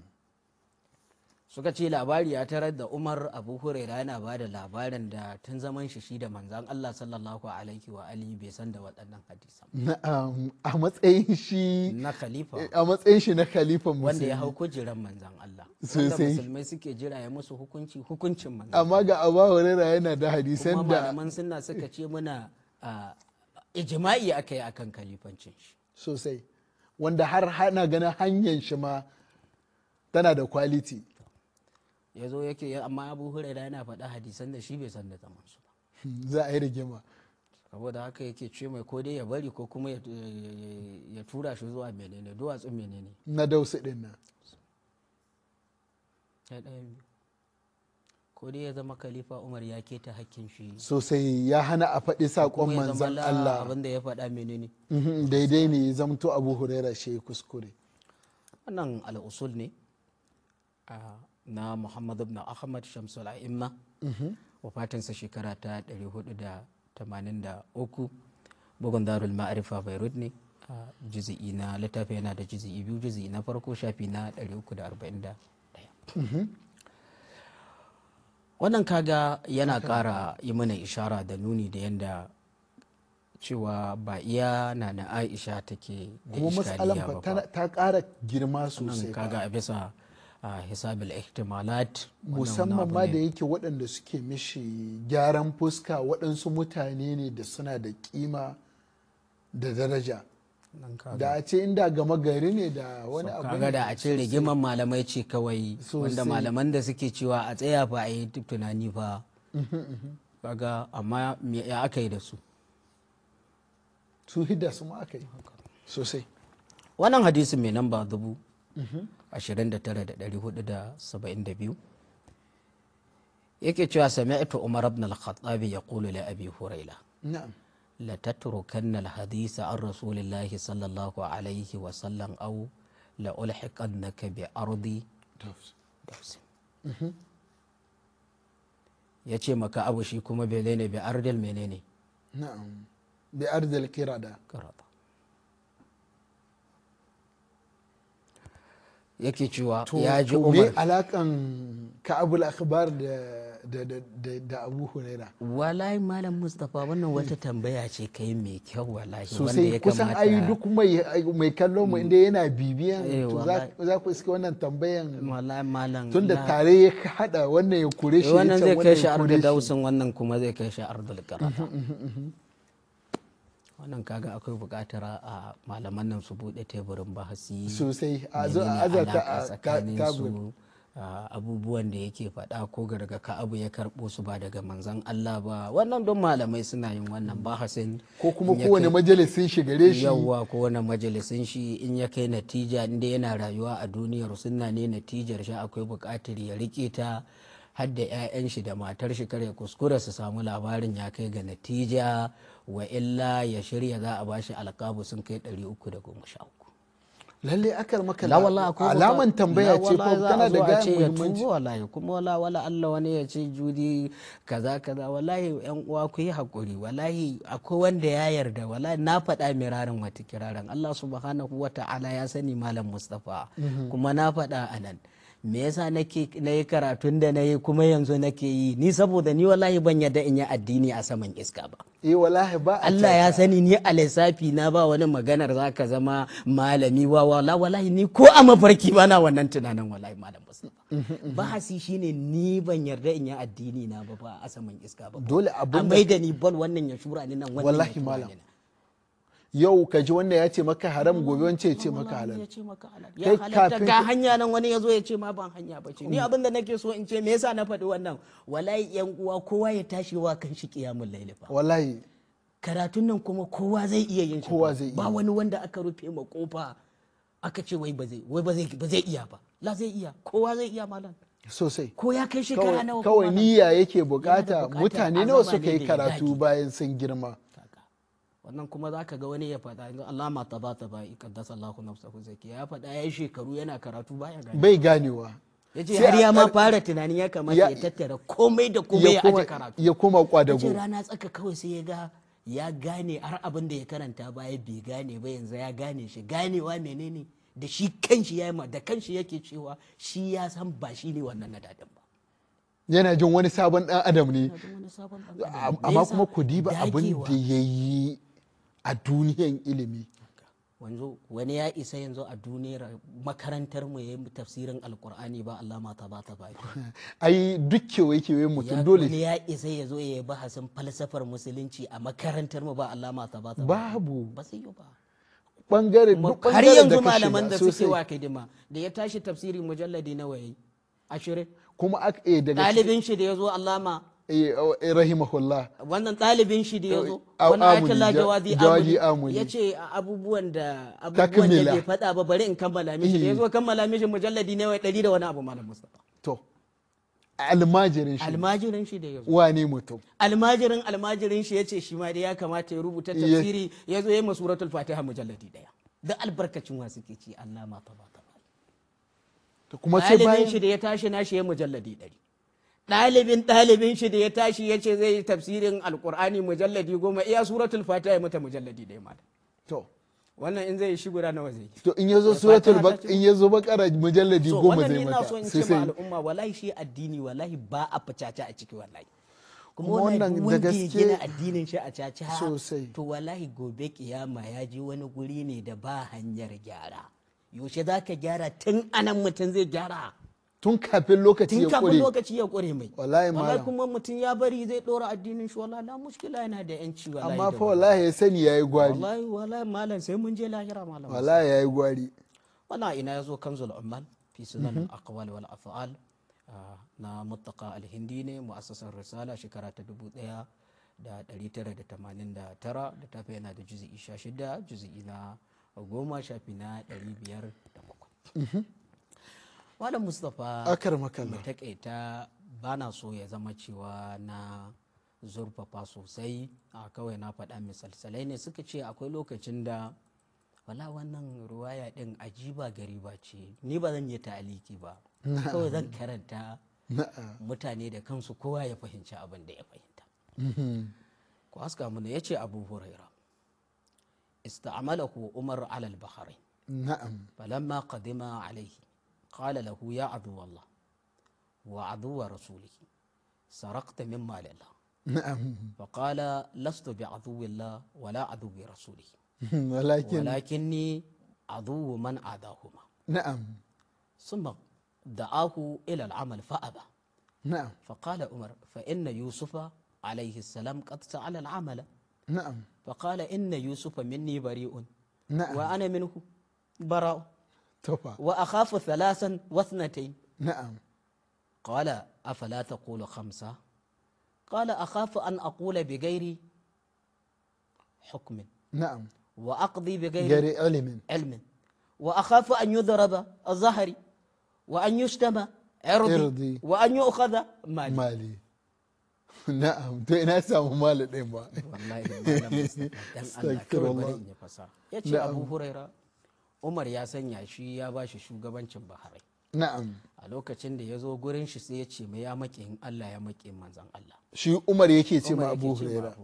suka ce labari ya tarar da umar abu huraira yana ba da labarin da tun zaman shi shi da manzan allah sallallahu alaihi wa alihi bai san da waɗannan hadisan a matsayin shi na khalifa a matsayin shi na khalifa musulmi wanda ya hau kujeran manzan allah sosai musulmai suke jira ya musu hukunci hukuncin manzan amma ga abu huraira yana da hadisan da kuma malaman suna suka ce muna ijma'i akai akan khalifancin shi sosai wanda har hana ganin hanyar shi ma tana da kwaliti ya zo yake amma abu huraira yana faɗa hadisan da shi bai san da zaman su ba za a yi rigima saboda haka yake ce mai ko dai ya bari ko kuma ya tura shi zuwa menene duwatsun menene na dausu din nan ko dai ya zama khalifa umar ya keta hakkin shi sosai ya hana a faɗi saƙon manzan allah abin da ya faɗa menene mhm, daidai ne ya zamto abu huraira shi kuskure wannan al'usul ne ah, na muhammad ibn ahmad shamsul a'imma wafatinsa shekara ta 483 bugun darul ma'arifa beirut ne a jizi'i na littafi yana da jizi'i biyu jizi'i na farko shafi na 341 wannan kaga yana kara yi mana ishara da nuni da yadda cewa ba iya na na aisha take da iskaliya ba ta kara girma sosai kaga a bisa a hisabul ihtimalat musamman ma da yake waɗanda suke mishi gyaran fuska waɗansu mutane ne da suna da kima da daraja da a ce inda gama gari ne da wani abu kaga da a ce rigiman malamai ce kawai wanda malaman da suke cewa a tsaya fa a yi tunani fa mhm, mhm. kaga amma ya aka yi da su su hidda su ma aka yi sosai wannan hadisin mai namba dubu mhm. 29472 yake cewa sami'tu umar ibn al-khattabi yaqulu li abi hurayra na'am la tatrukanna al-hadith an rasulillahi sallallahu alaihi wa sallam aw la ulhiqannaka bi ardi dafs mhm. ya ce maka abu shi kuma bele ne bi ardil menene na'am bi ardil kirada kirada yake cewa ya ji umar to alakan ka'abul akhbar da abu huraira wallahi malam mustapha wannan wata tambaya ce kai mai kyau wallahi sosai kusan ayi duk mai kallon mu mm. inda yana bibiyan eh, za ku iske wannan tambayan wallahi malam tunda tare ya hada wannan ya kure shi wannan zai kai shi ardul dausin wannan kuma zai kai shi ardul karata mhm, mhm, mhm. wannan kaga akwai buƙatar a malaman nan su buɗe teburin bahasi sosai a zo a tsakanin su abubuwan da yake faɗa ko garga ka abu ya karɓo su ba daga manzan Allah ba wannan don malamai suna yin wannan bahasin ko kuma kowane majalisin shi gare shi yawwa kowane majalisin shi in ya kai natija inda yana rayuwa a duniyar sunna ne natijar shi akwai buƙatar ya rike ta har 'ya'yan shi da matar shi kare kuskure su samu labarin ya kai ga natija wa illa ya shirya za a bashi alƙabu sun kai 313 lalle akar maka alaman tambaya ce ko tana da ga muhimmanci wallahi kuma wala wala Allah wani ya ce judi kaza kaza wallahi yan uwa ku yi hakuri wallahi akwai wanda ya yarda wallahi na faɗa mirarin wata kirarin Allah subhanahu wataala ya sani malam Mustafa mhm. kuma na faɗa anan me yasa nake na yi karatun da na yi kuma yanzu nake yi ni saboda ni wallahi ban yadda in yi addini a saman iska ba eh wallahi ba Allah ya sani ni a lissafi na ba wani maganar zaka zama malami wa wala wallahi ni ko a mafarki ba na wannan tunanin wallahi malam mm-hmm, mm-hmm. ba hasi shine ni ban yarda in yi addini na ba ba a saman iska ba dole abun da ni bal wannan ya shura ni nan wannan wallahi malam yau ka ji wanda ya ce maka haram mm. gobe wance ya ce maka halal ya halatta ga hanya nan wani ya zo ya ce ma ban hanya ba ce ni mm. abin da nake so in ce me yasa na faɗi wannan wallahi yan uwa kowa ya tashi wa kan shi kiyamul laili fa wallahi karatun nan kuma kowa zai iya yin shi ba wani wanda aka rufe ma kofa aka ce wai ba zai wai ba zai iya ba la zai iya kowa zai iya malam sosai ko ya kai shekara nawa kawai niyya yake bukata mutane nawa suka yi karatu bayan sun girma wannan kuma za ka ga wani ya faɗa yanzu alama ta ba ta bai kaddasa Allahu nafsahu zakiya ya faɗa ya shekaru yana karatu baya gane bai ganewa ya ce har ya ma fara tunanin ya kamata ya tattara komai da komai ya aje karatu ya koma kwadago ya rana tsaka kawai sai ya ga ya gane har abin da ya karanta baya bai gane ba yanzu ya gane shi ganewa menene da shi kanshi ya yi da kanshi yake cewa shi ya san ba shi ne wannan dadin ba yana jin wani sabon dan adam ne amma kuma ku diba abin da ya yi a duniyan ilimi wanzu wani ya isa yanzu a duniyar makarantar mu yayin tafsirin alkur'ani ba Allah ma ta ba ta ba ai duk kewaye kewaye mutum dole wani ya isa ya yi bahasin falsafar musulunci a makarantar mu ba Allah ma ta ba ta babu ba sai ba bangare duk har yanzu malaman da suke wa kaidima da ya tashi tafsiri mujalladi nawa yayi ashirin kuma ak eh daga ɗalibin shi da ya zo allama Eh, eh, rahimahullah wannan ɗalibin shi da ya zo wani akila jawazi amuli ya ce abubuwan da abubuwan da bai faɗa ba bari in kammala mishi da ya zo eh. kammala mishi mujalladi ne wai ɗari da wani abu malam mustafa to almajirin shi almajirin shi da ya zo wani mutum almajirin almajirin shi ya ce shi ma da ya kamata ya rubuta tafsiri ya zo ya yi suratul fatiha mujalladi ɗaya da albarkacin wa suke ci Allah ma ta ba ta kuma sai bayan shi da ya tashi nashi ya mujalladi ɗari ɗalibin ɗalibin shi da ya tashi ya ce zai yi tafsirin alkur'ani mujalladi goma iya suratul fatiha ya mata mujalladi da mata to wannan in zai shi guda nawa zai to in yazo suratul in yazo bakara mujalladi goma zai mata So wannan ina so al'umma wallahi shi addini wallahi ba a facaca a ciki wallahi kuma wannan da gaske gina addinin shi a caca sosai to wallahi gobe kiyama ya je wani guri ne da ba hanyar gyara yaushe zaka gyara tun anan mutum zai gyara tun kafin lokaci ya kure kafin lokaci ya kure mai wallahi malam kuma mutum ya bari zai dora addinin shi wallahi na mushkila yana da yanci wallahi amma fa wallahi ya sani yayi gwari wallahi wallahi malam sai mun je lahira malam wallahi yayi gwari wannan ina yazo kanzul ummal fi sunan mhm. aqwal wal af'al ah, na al hindi ne mu'assasar risala shekara ta 1989 da tafi yana da juzu'i 16 juzu'i na goma shafi na 507 malam mustapha akar makalla takaita ba na so ya zama cewa na zurfafa sosai a kawai na faɗa misalsalai ne suka ce akwai lokacin da wala wannan ruwaya din ajiba ba ce ni ba zan yi ta'aliki ba kawai zan karanta mutane da kansu kowa ya fahimci abin da ya fahimta mhm. ku haska mana ya ce abu huraira ista'amalahu umar alal bahari na'am falamma qadima alaihi قال له يا عدو الله وعدو رسوله سرقت من مال الله نعم فقال لست بعدو الله ولا عدو رسوله ولكن ولكني عدو من عداهما نعم ثم دعاه إلى العمل فأبى نعم فقال عمر فإن يوسف عليه السلام قد سأل العمل نعم فقال إن يوسف مني بريء نعم وأنا منه براء وأخاف ثلاثا واثنتين نعم قال أفلا تقول خمسة قال أخاف أن أقول بغير حكم نعم وأقضي بغير غير علم علم وأخاف أن يضرب ظهري وأن يشتم عرضي, عرضي وأن يؤخذ مالي مالي نعم to ina samu malin ɗin ba wallahi malam dan Allah kai bari in yi fasa Abu Huraira umar ya sanya shi ya ba shi shugabancin baharai na'am a lokacin da ya zo gurin shi sai ya ce mai ya maƙin allah ya maƙin manzan allah shi umar yake ce ma abu huraira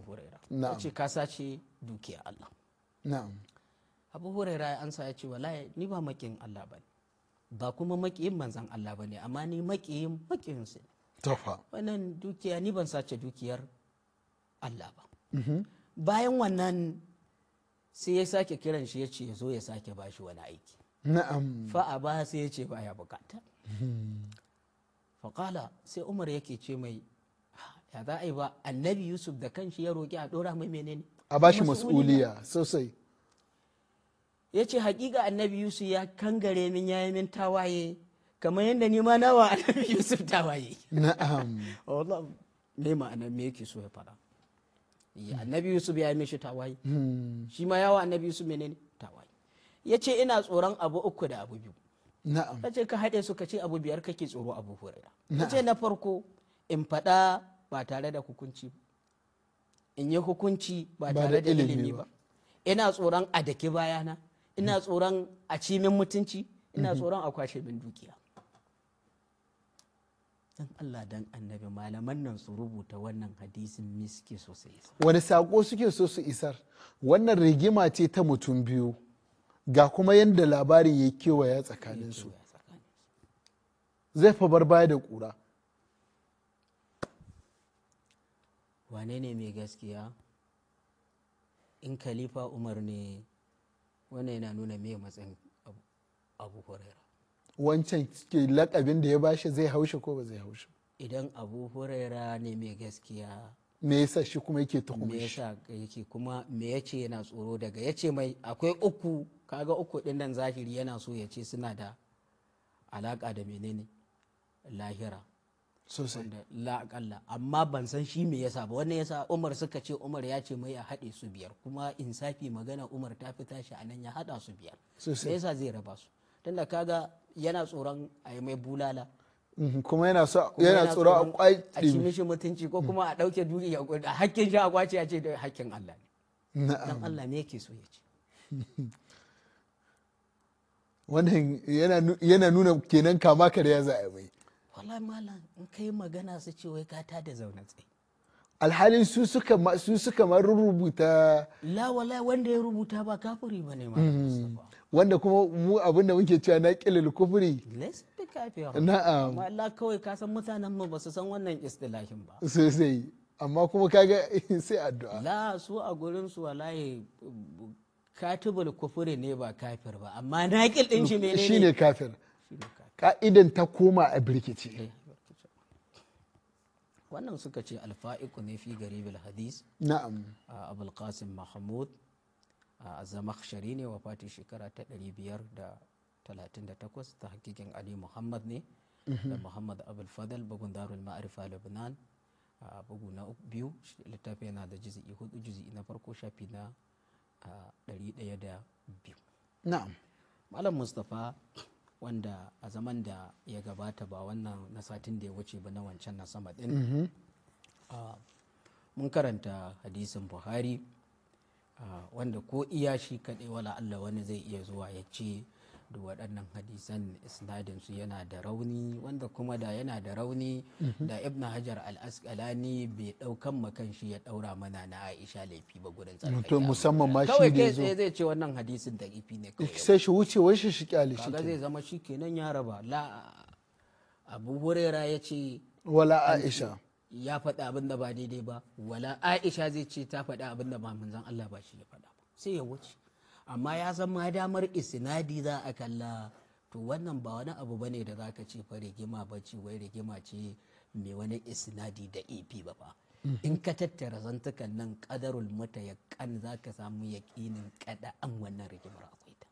na'am ce ka sace dukiya allah na'am abu huraira ya ansa ya ce wallahi ni ba maƙin allah ba ba kuma maƙin manzan allah ba ne amma ni maƙin maƙin su tafa wannan dukiya ni ban sace dukiyar allah ba mhm. bayan wannan sai ya sake kiran shi ya ce ya zo ya sake ba shi wani aiki na'am fa'a ba sai ya ce baya bukata hmm. faƙala sai umar yake ce mai ya za a yi ba annabi yusuf da kanshi ya roƙi a ɗora mai menene a ba shi mas'uliya sosai ya ce haƙiƙa annabi yusuf ya kangare min ya yi min tawaye kamar yadda ni ma nawa annabi yusuf tawaye na'am wallah me ma'ana me yake so ya fara annabi yusuf ya yi mishi tawaye hmm. shi ma yawa annabi yusuf menene tawaye ya ce ina tsoron abu uku da abu biyu na'am ce ka haɗe su ka ce abu biyar kake tsoro abu huraira ta ce na farko in faɗa ba tare da hukunci in yi hukunci ba tare da ilimi ba ina tsoron a daki bayana ina hmm. tsoron a cimin mutunci ina hmm. tsoron a kwashe min dukiya dan Allah dan annabi malaman nan su rubuta wannan hadisin me suke so su isar wani sako suke so su isar wannan rigima ce ta mutum biyu ga kuma yadda labarin ya kewaya tsakanin su zai fa bar baya da kura wane ne mai gaskiya in khalifa umar ne wannan yana nuna mai matsayin abu huraira wancan lakabin da ya bashi zai haushe ko ba zai haushe. idan abu huraira ne mai gaskiya me yasa shi kuma yake tuhume me yasa yake kuma me yace yana tsoro daga yace mai akwai uku kaga uku din nan zahiri yana so ya ce suna da alaka da menene lahira sosai la akalla amma ban san shi me yasa ba wannan yasa Umar suka ce Umar ya ce mai ya haɗe su biyar kuma insafi magana Umar ta fita shi a ya haɗa su biyar me yasa zai raba su tunda kaga yana tsoron a yi mai bulala mhm, kuma yana tsoron a kwace a ci mishi mutunci ko kuma a dauke duri a hakkin shi a kwace ya ce da hakkin Allah ne dan Allah ne yake so ya ce wannan yana nuna kenan kama karya za a mai wallahi malam in kai magana su ce wai gata da zaune tsaye alhalin su suka su suka rubuta la wallahi wanda ya rubuta ba kafiri bane ma wanda kuma mu abin da muke cewa na kilil kufuri na'am wallahi kawai ka san mutanen mu ba su san wannan istilahin ba sosai amma kuma kaga sai addu'a la su a gurin su wallahi katibul kufuri ne ba kafir ba amma na din shi menene shine kafir ka'idan ta koma a birkice eh, wannan suka ce alfa'iku ne fi garibil hadis na'am abul qasim mahmud a shari ne wafati shekara ta 538 ta hakikin ali muhammad ne da mhm. muhammad abul fadal bugun darul ma'arifa lebanon a bugu na biyu littafi yana da juzi'i hudu juzi'i na farko shafi na 102 na'am malam mustapha wanda a zaman da ya gabata ba wannan na satin da ya wuce ba na wancan na sama din mhm. mun karanta hadisin buhari wanda ko iya shi kaɗai wala Allah wani zai iya zuwa ya ce da waɗannan hadisan isnadinsu yana da rauni wanda kuma da yana da rauni mhm. da ibn hajar al-asqalani bai ɗaukan makan shi ya ɗaura mana na aisha laifi ba gurin tsarkai to musamman ma shi ne zo zai ce wannan hadisin da ifi ne kawai sai shi wuce wai shi shi kyale shi kaga zai zama shi kenan ya raba la abu hurera ya wala aisha ya faɗa abin da ba daidai ba wala aisha zai ce ta faɗa abin da ba manzon Allah ba shi ya faɗa ba sai ya wuce amma ya san ma damar isnadi za a kalla to wannan ba wani abu bane da zaka ce fa rigima ba ce wai rigima ce mai wani isnadi da ep ba fa in ka tattara zantukan nan kadarul mata ya kan za samu yaƙinin kada an wannan rigimar akwai ta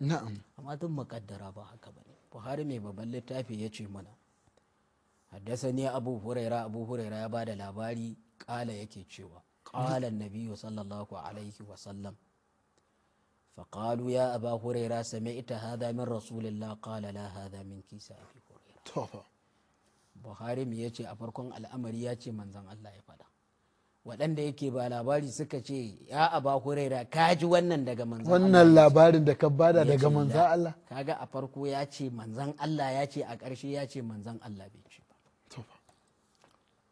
na'am amma tun makaddara ba haka bane buhari mai babban littafi ya ce mana haddasa ne abu huraira abu huraira ya bada labari kala yake cewa qala nabiyyu sallallahu alaihi wa sallam فقالوا يا أبا هريرة سمعت هذا من رسول kala la hada min kisa. كيس أبي هريرة Buhari me yace a farkon al'amari ya ce manzon Allah ya faɗa waɗanda yake ba labari suka ce ya aba huraira ka ji wannan daga manzon wannan labarin da ka bada daga manzon Allah kaga a farko ya ce manzon Allah ya ce a ƙarshe ya ce manzon Allah bai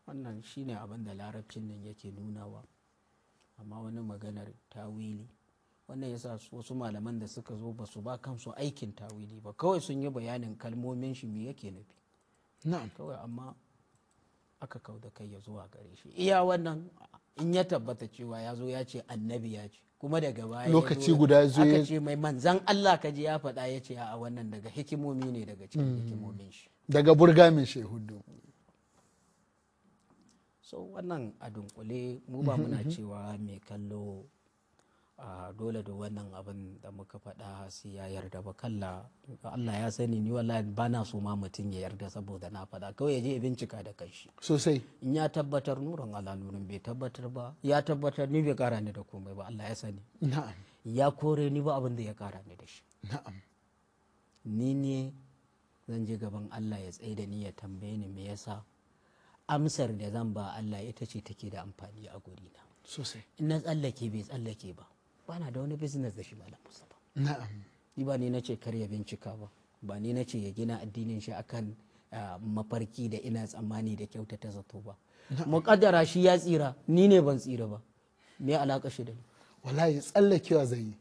wannan shine abin da larabcin nan yake nunawa amma wani maganar tawili wannan yasa wasu malaman da suka zo ba su ba kansu aikin tawili ba kawai sun yi bayanin kalmomin shi me yake nufi na'am kawai amma aka kau da kai ya zuwa gare shi iya wannan in ya tabbata cewa ya zo ya ce annabi ya ce kuma daga baya lokaci guda zo aka ce mai manzan Allah ka ji ya faɗa ya ce a wannan daga hikimomi ne daga cikin hmm. hikimomin shi daga burgamin shehudu so wannan a dunkule mu ba muna mm-hmm. cewa mai kallo a dole da wannan abin da muka faɗa sai ya yarda ba kalla Allah ya sani ni wallahi ba na so ma mutum ya yarda saboda na faɗa kawai ya je ya bincika da kanshi sosai in ya tabbatar nuran ala bai tabbatar ba ya tabbatar ni bai kara ni da komai ba Allah ya sani na'am ya kore ni ba abin da ya kara ni da shi na'am ni ne zan je gaban Allah ya tsaye da ni ya tambaye ni me yasa amsar da zan ba Allah ita ce take da amfani a gurina sosai in na tsallake bai tsallake ba bana da wani business da shi malam ba. na'am ni ba ni nace kar ya bincika ba ba ni nace ya gina addinin shi akan mafarki da ina tsammani da kyautata zato ba muƙaddara shi ya tsira ni ne ban tsira ba me alaka shi da ni wallahi tsallakewa zai yi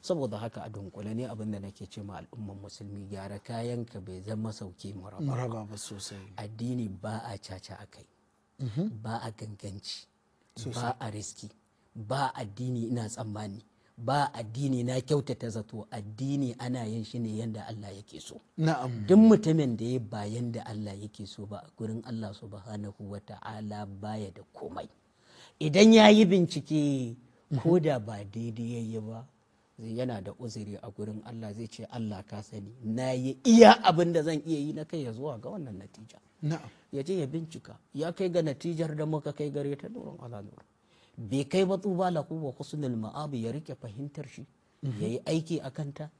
saboda haka a dunkule ne abin da nake ce ma al'umman musulmi gyara kayan ka bai zama sauki maraba ba sosai addini ba a caca a kai mm-hmm. ba a ganganci ba a riski ba addini ina tsammani ba addini na kyautata zato addini ana yin shi ne yadda Allah yake so na'am duk mutumin da ya ba yanda Allah yake so ba gurin Allah subhanahu wata'ala baya da komai idan ya yi bincike mm-hmm. ko da ba daidai ya yi ba yana da uzuri a gurin Allah zai ce Allah ka sani na yi iya abin da zan iya yi na kai ya zuwa ga wannan natija ya je ya bincika ya kai ga natijar da muka kai gare ta bai kai ba tsuba lahu wa husnul ma'abu ya rike fahimtar shi mhm. ya yi aiki a kanta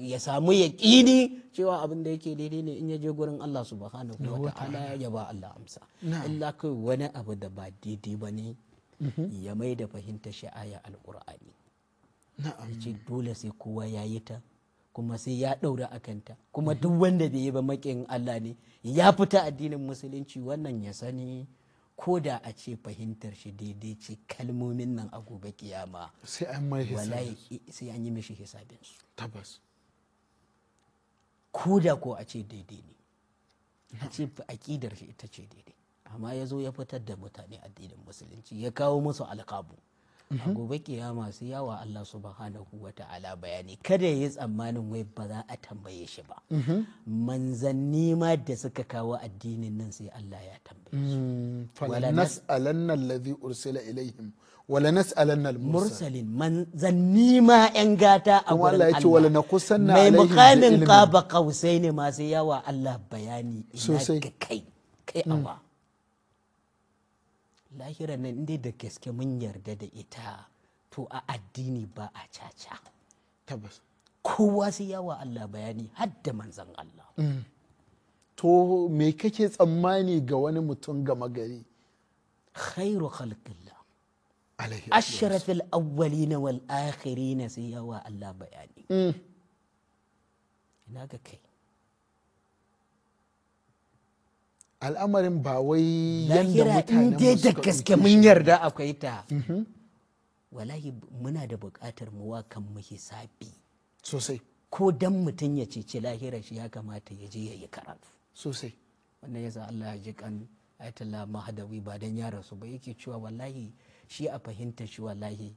ya samu yaƙini cewa abin da yake daidai ne in ya je gurin Allah subhanahu wa ta'ala ya ba Allah amsa illa kai wani abu da ba daidai ba mhm. ya mai da fahimta sha'aya alƙur'ani ya ce dole sai kowa ya yi ta kuma sai ya ɗaura a kanta kuma duk wanda bai yi ba maƙin Allah ne ya fita addinin musulunci wannan ya sani ko da a ce fahimtar shi daidai ce kalmomin nan a gobe kiyama sai an yi mishi hisabinsu tabbas ko da ko a ce daidai ne a ce ƙidar shi ita ce daidai amma ya zo ya fitar da mutane addinin musulunci ya kawo musu alkabu a mm-hmm. gobe kiyama sai yawa Allah subhanahu wa ta'ala bayani kada ya yi tsammanin wai ba za a tambaye shi ba mm-hmm. manzanni ma da suka kawo addinin nan sai Allah ya tambaye su mm-hmm. wala nas'alanna allazi ursila ilaihim wala mursalin manzanni ma yan gata a gurin Allah yace wala nakusanna alaihim mai mukamin qaba qausaini ma sai yawa Allah bayani ina kai kai awa lahira nan inda da gaske mun yarda da ita to a addini ba a caca kowa sai yawa Allah bayani hadda manzan Allah mm. to me kake tsammani ga wani mutum gama gari khairu khalqillah ashrafil awwalina wal akhirina sai yawa Allah bayani mm. ina ga kai al'amarin ba wai yadda mutane da gaske mun yarda akwai ta mhm. wallahi muna da buƙatar mu kan mu hisabi sosai ko dan mutum ya cece lahirar shi ya kamata ya je ya yi karatu sosai wannan yasa Allah ya ji kan ayatollah mahadawi ba dan ya rasu ba yake cewa wallahi shi a fahimta shi wallahi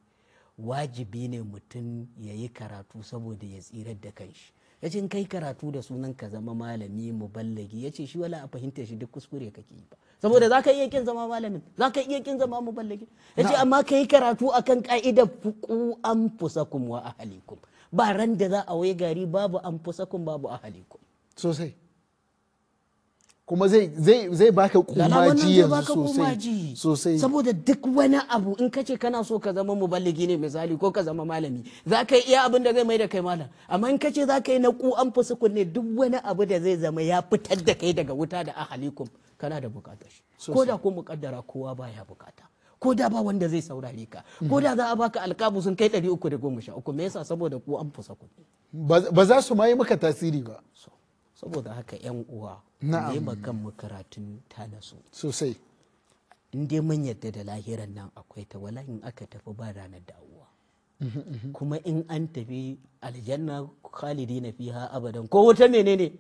wajibi ne mutum ya yi karatu saboda ya tsirar da kanshi ya ce kai karatu da sunan ka zama malami muballagi ya ce shi wala a fahimta shi duk kuskure kake yi ba saboda za ka iya kin zama malamin za ka iya kin zama muballagi ya ce amma ka yi karatu akan ka'idar fuku an fusakum wa ahalikum ba ran da za a wai gari babu an fusakum babu ahalikum sosai kuma zai zai zai baka kumaji yanzu sosai sosai saboda duk wani abu in kace kana so ka zama muballigi ne misali ko ka zama malami za ka iya abin da zai mai da kai malam amma in kace za ka yi na ku an fusukun ne duk wani abu da zai zama ya fitar da kai daga wuta da ahalikum kana da bukatar shi ko da ko mukaddara kowa baya bukata ko da ba wanda zai saurare ka ko da za a baka alkabu sun kai 313 me yasa saboda ku an fusukun ba za su mai maka tasiri ba saboda haka yan uwa ne makan mu karatun ta nasu sosai in dai mun yadda da lahiran nan akwai ta wala in aka tafi ba ranar dawowa kuma in an tafi aljanna khalidi na fiha abadan ko wata menene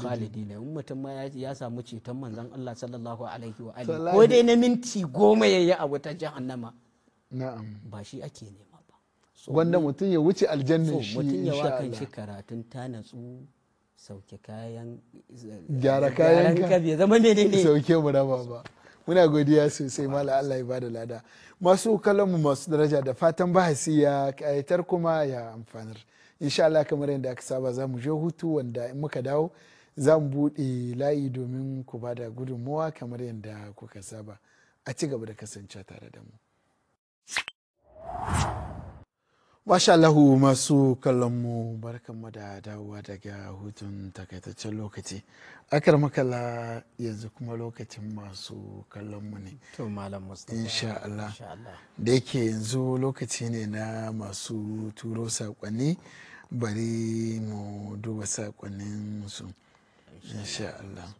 khalidi ne in mutum ma ya samu ceton manzon Allah sallallahu alaihi wa alihi ko dai na minti goma yayi a wata jahannama na'am ba shi ake nema ba wanda mutum ya wuce aljanna shi mutum ya wakan shi karatun ta natsu sauke kayan gyara eh, kayan ka bai zama menene sauke mu raba ba muna godiya sosai mala Allah ya bada lada masu kallon mu masu daraja da fatan bahasi ya kayatar kuma ya amfanar insha Allah kamar yadda aka saba za mu je hutu wanda in muka dawo za mu buɗe layi domin ku bada gudunmuwa kamar yadda kuka saba a ci gaba da kasance tare da mu Masha Allahu masu kallonmu barkanmu da dawowa daga hutun takaitaccen lokaci. Akar makala yanzu kuma lokacin masu kallonmu ne. To Malam Mustapha. Insha Allah. Da yake yanzu lokaci ne na masu turo saƙonni bari mu duba saƙonnin su. Insha Allah.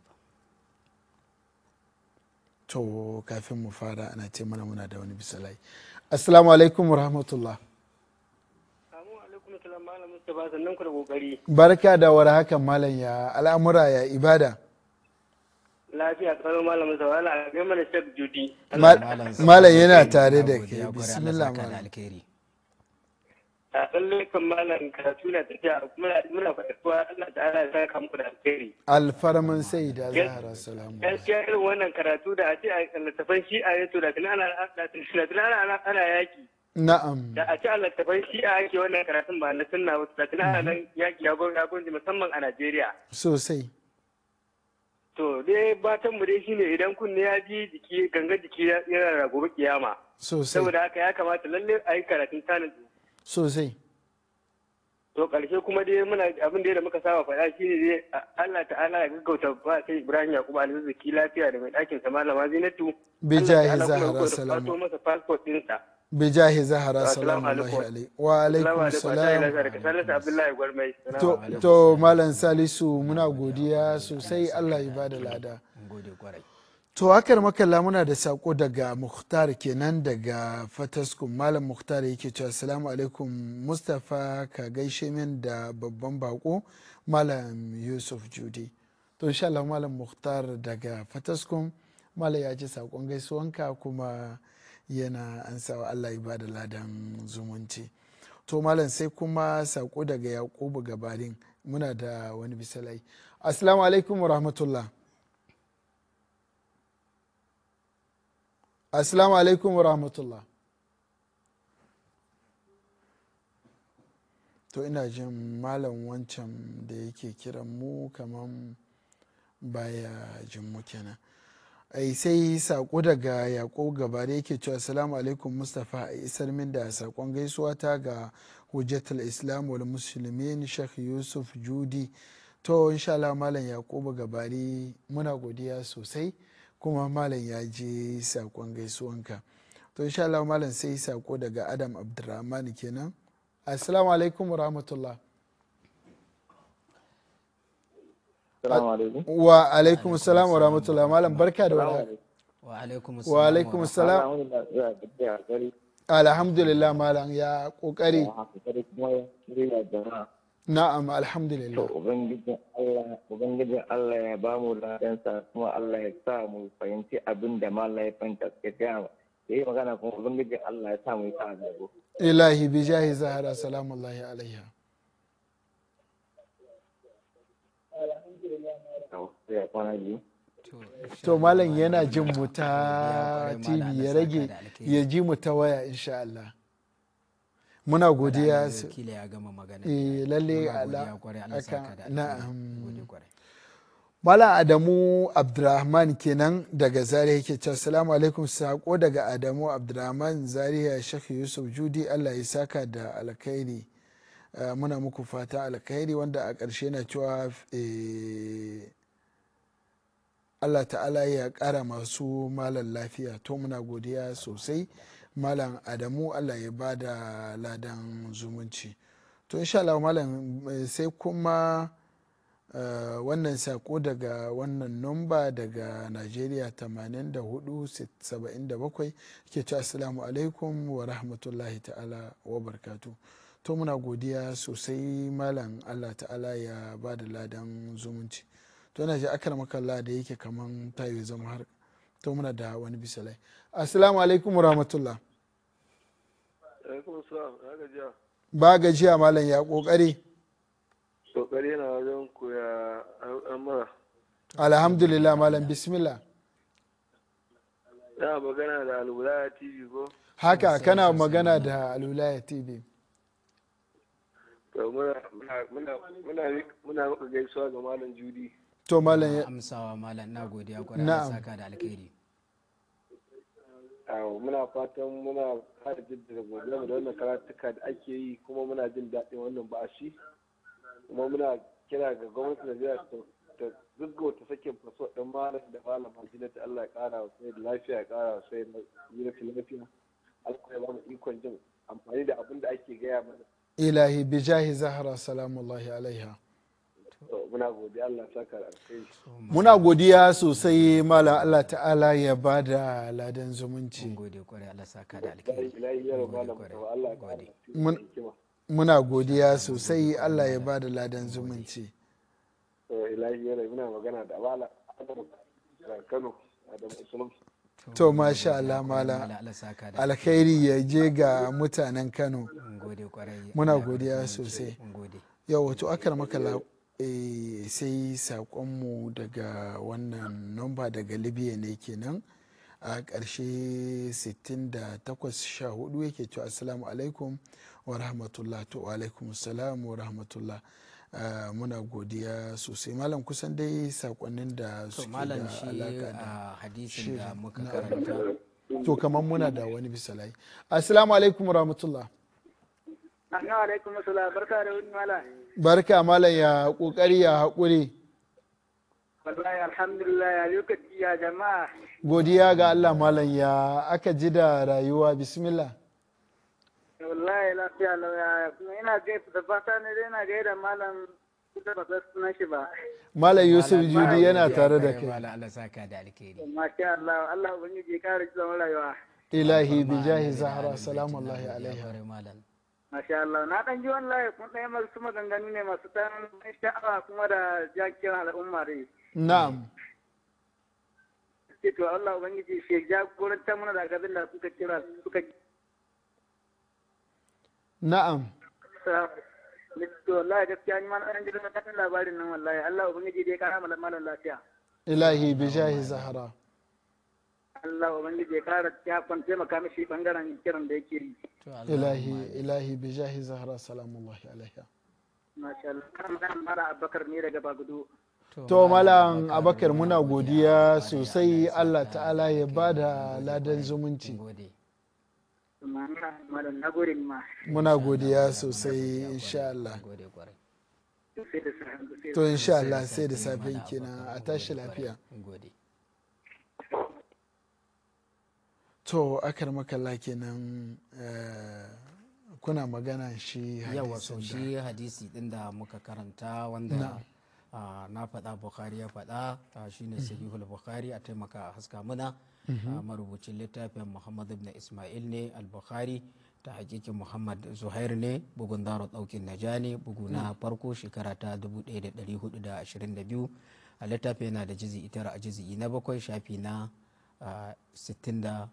To kafin mu fara ana ce mana muna da wani bisalai. Assalamu alaikum wa rahmatullah. Malam Mustapha sannan ku da kokari. Barka da war hakan Malam ya al'amura ya ibada. Lafiya tsaro Malam Mustapha ala ga mana Sheikh Judi. Malam yana tare da ke bismillah Malam. Lallai kan malam karatu na tafiya kuma muna fadatuwa Allah ta'ala ala saka muku da alheri. Alfarman sai da zahara salamu. Gaskiya irin wannan karatu da a ce a littafan shi'a a to da tunan ana yaki. Na'am. Da a ci a ta shi a ake wannan karatun ba na sunna wasu da kana mm-hmm. nan yaki ya gunji musamman a Najeriya. Sosai. To dai batan mu dai ne idan kunne ya ji jiki ganga jiki ya tsira gobe kiyama. Sosai. Saboda haka ya kamata lalle a yi karatun tanin. Sosai. To ƙarshe kuma dai muna abin da muka saba faɗa shi ne dai Allah ta'ala ya gaggauta ba sai Ibrahim Yakubu alzuziki lafiya da mai ɗakin sa malama Zinatu. Bijahi Zahra salamu. Allah ta'ala kuma ya masa passport ɗinsa. bijahi zahara salamu alaihi wa alaikum salam to malam salisu muna godiya sosai allah ya bada lada to hakar makalla muna da sako daga muhtar kenan daga fatasku malam muhtar yake cewa salamu alaikum mustapha ka gaishe min da babban bako malam yusuf judy to insha allah malam muhtar daga fatasku malam ya ji sakon gaisuwanka kuma yana an sawa allah ya bada ladan zumunci to malam sai kuma sako daga yakubu gabarin muna da wani bisalai assalamu alaikum wa rahmatullah assalamu alaikum wa rahmatullah to ina jin malam wancan da yake kiran mu kaman baya jin mu kenan ai sai saƙo daga yaƙo gaba da yake cewa assalamu alaikum mustapha a isar min da sakon gaisuwa ta ga hujjatul islam wal muslimin sheikh yusuf judi to insha Allah malam yakubu gabari muna godiya sosai kuma malam ya je sakon gaisuwanka to insha Allah malam sai saƙo daga adam abdurrahman kenan assalamu alaikum wa rahmatullah wa alaikum salam wa rahmatullah malam barka da wani wa alaikum salam alhamdulillah malam ya kokari na'am alhamdulillah ubangijin Allah ya ba mu ladansa kuma Allah ya sa mu fahimci abin da malam ya fahimta gaya ya yi magana kuma ubangijin Allah ya sa mu yi ilahi bi jahi zahara salamullahi alaiha ya to malam yana jin mu ta tv ya rage ya ji mu ta waya insha Allah muna godiya su eh, lalle ala Mala Adamu Abdurrahman kenan daga Zaria yake can salamu alaikum sako daga Adamu Abdurrahman Zaria Sheikh Yusuf Judi Allah ya saka da alkhairi eh, muna muku fata alkhairi wanda a ƙarshe na cewa eh, allah ta'ala ya kara masu malam lafiya to muna godiya sosai malam adamu allah ya ba da ladan zumunci to inshallah malam sai kuma uh, wannan sako daga wannan nomba daga nigeria 8477 ke ci assalamu alaikum wa rahmatullahi ta'ala wa barkatu to muna godiya sosai malam allah ta'ala ya ba da ladan zumunci to na ji akar makalla da yake kaman yi zama har to muna da wani bisalai assalamu alaikum wa rahmatullah ba gajiya malam ya kokari kokari na wajen koya amara alhamdulillah malam bismillah Kana magana da alwulaya tv ko haka kana magana da alwulaya tv muna muna muna muna muna gaisuwa ga malam judi to malam ya amsawa malam na godiya kwarai da saka da alkhairi muna fatan muna fara jaddada godiya da wannan karatuka da ake yi kuma muna jin daɗin wannan ba'ashi kuma muna kira ga gwamnatin Najeriya ta zuzgo ta sakin faso ɗin malam da malam Allah ya ƙara wa sai lafiya ya ƙara wa sai lafiya ba mu ikon jin amfani da abin da ake gaya mana ilahi bijahi zahra salamullahi alaiha muna godiya sosai malam allah ta'ala ya ba da ladan zumunci muna godiya sosai allah ya ba da ladan zumunci to masha Allah mala alkhairi ya je ga mutanen kano muna godiya sosai yau wato akar makala Eh, sai saƙonmu daga wannan nomba daga libya ne kenan a ƙarshe 68 yake cewa assalamu alaikum wa rahmatullah to alaikum salam wa rahmatullah muna godiya sosai malam kusan dai saƙonnin da suke da alaka da hadisin da karanta to kamar muna da wani bisalai assalamu alaikum wa rahmatullah alaikum rahmatullah barka da wani malam barka malam ya kokari ya haƙuri wallahi alhamdulillah ya lokaci ya jama'a godiya ga Allah malam ya aka ji da rayuwa bismillah wallahi lafiya lauya kuma ina gaisu da fata ne dai ina gaida malam kusa ba suna shi ba malam yusuf judi yana tare da kai malam Allah saka da alkhairi masha Allah Allah ubangiji ya kare zaman rayuwa ilahi bijahi zahra salamu alaihi rahmatullahi Masha Allah, na ɗan ji wallahi kun ɗaya masu maganganu ne masu ɗan sha'awa kuma da jakin al'umma dai. Na'am. to Allah Ubangiji shi jagorantar mana da abin da suka kira suka Na'am. To wallahi gaskiya ni ma na ɗan ji labarin nan wallahi Allah Ubangiji dai ya kara malam lafiya. Ilahi bi jahi zahara. Allah wa ubangiji ya kara ya kyafan taimaka mishi bangaren kiran da yake yi ilahi ilahi bi jahi zahra salamullahi alaiha masha Allah kan mara abakar ne daga bagudu to malam abakar muna godiya sosai Allah ta'ala ya bada ladan zumunci muna godiya sosai insha Allah to insha Allah sai da safe kenan a tashi lafiya Gode. to akar makalla kenan eh, kuna magana shi yawa shi hadisi din da muka karanta wanda na ah, faɗa bukhari ya faɗa ah, shine mhm. sahihul bukari a taimaka haska muna mhm. ah, marubucin littafin muhammad ibn ismail ne al-bukhari ta hakikin muhammad zuhair ne bugun daro daukin najani bugu na mhm. farko shekara ta 1422 a Littafin yana da jizi tara a jizi na bakwai shafi na 64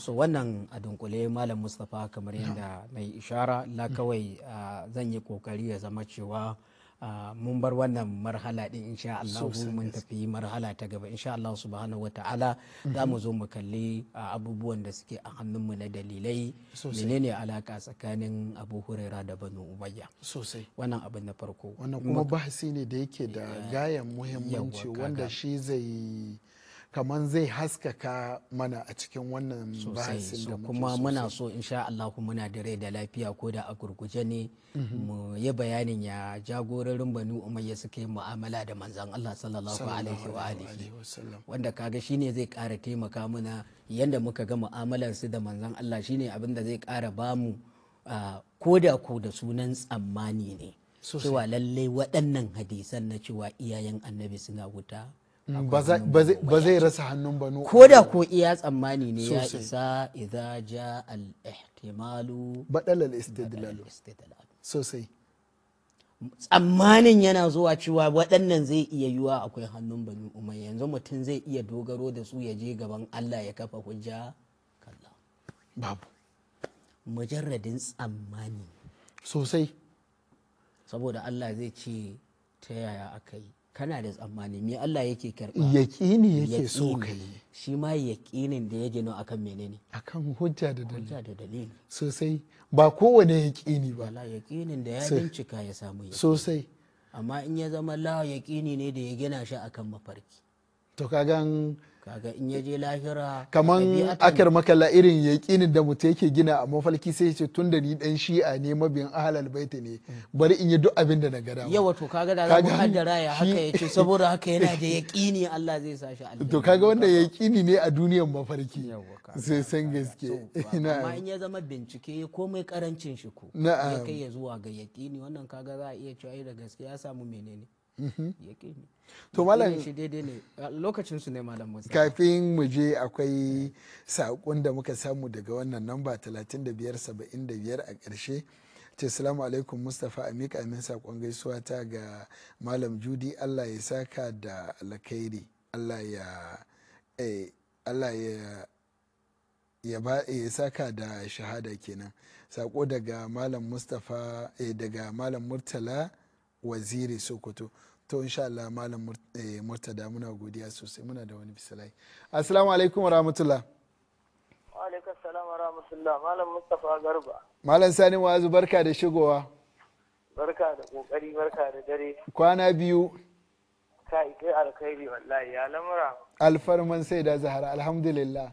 so wannan a dunkule malam mustapha kamar yadda mai ishara na mm. kawai zan yi kokari ya zama cewa mun bar wannan marhala din insha Allah mun tafi marhala ta gaba insha Allah subhanahu wa ta'ala za mu mm-hmm. zo mu kalli abubuwan da suke a hannunmu na dalilai menene alaka tsakanin Abu Huraira da Banu Umayya sosai wannan abin na farko wannan kuma bahasi ne da yake da gayan muhimmanci wanda shi zai kamar zai haskaka mana a cikin wannan bahasin da kuma muna so insha Allah muna da rai da lafiya ko da a gurguje ne mhm. mu yi bayanin ya jagororin banu umayya suka yi mu'amala da manzan Allah sallallahu alaihi wa alihi wanda kaga shine zai kara taimaka mana yanda muka ga mu'amalar su da manzan Allah shine abin da zai kara bamu ko da ko da sunan tsammani ne cewa lallai waɗannan hadisan na cewa iyayen annabi suna wuta ba zai rasa hannun no ko da ko iya tsammani ne ya isa idza ja al ihtimalu badal al istidlal sosai tsammanin yana zuwa cewa waɗannan zai iya yiwa akwai hannun bani umar yanzu mutum zai iya dogaro da su ya je gaban Allah ya kafa hujja kalla babu mujarradin tsammani sosai saboda Allah zai ce ta yaya aka yi kana da tsammani me Allah yake karɓa yaƙini yake so ka yi shi ma yaƙinin da ya gino akan menene akan hujja da dalili hujja da dalili sosai ba kowane yaƙini ba la yaƙinin da ya bincika ya samu yaƙini sosai amma in ya zama la yaƙini ne da ya gina shi akan mafarki to kagan kaga in lahira kaman akar makalla irin yaƙinin da mutum yake gina a mafalki sai ce tun da ni dan shi'a ne mabiyan ahlal baiti ne bari in yi duk abin da na gada yawa to kaga da zamu haddara ya haka yace saboda haka yana da yaƙini Allah zai sa shi aljanna to kaga wanda yaƙini ne a duniyar mafarki sai san gaske amma in ya zama bincike komai karancin shi ko ya kai ya zuwa ga yaƙini wannan kaga za a iya cewa da gaske ya samu menene mhm. yaƙini to malam shi daidai ne lokacin su ne malam musa kafin mu je akwai sakon da muka samu daga wannan namba 3575 a ƙarshe ce salamu alaikum mustapha amika amin sakon gaisuwa ta ga malam judi allah ya saka da alkhairi allah ya eh, allah ya ya ba ya saka da shahada kenan sako daga malam mustapha eh, daga malam murtala waziri sokoto to insha Allah malam eh, murtada muna godiya sosai muna da wani bisalai assalamu alaikum wa rahmatullah wa alaikum assalam wa rahmatullah malam mustafa garba malam sani wazu barka da shigowa barka da kokari barka da dare kwana biyu ka kai alkhairi wallahi ya lamura alfarman sai da zahara alhamdulillah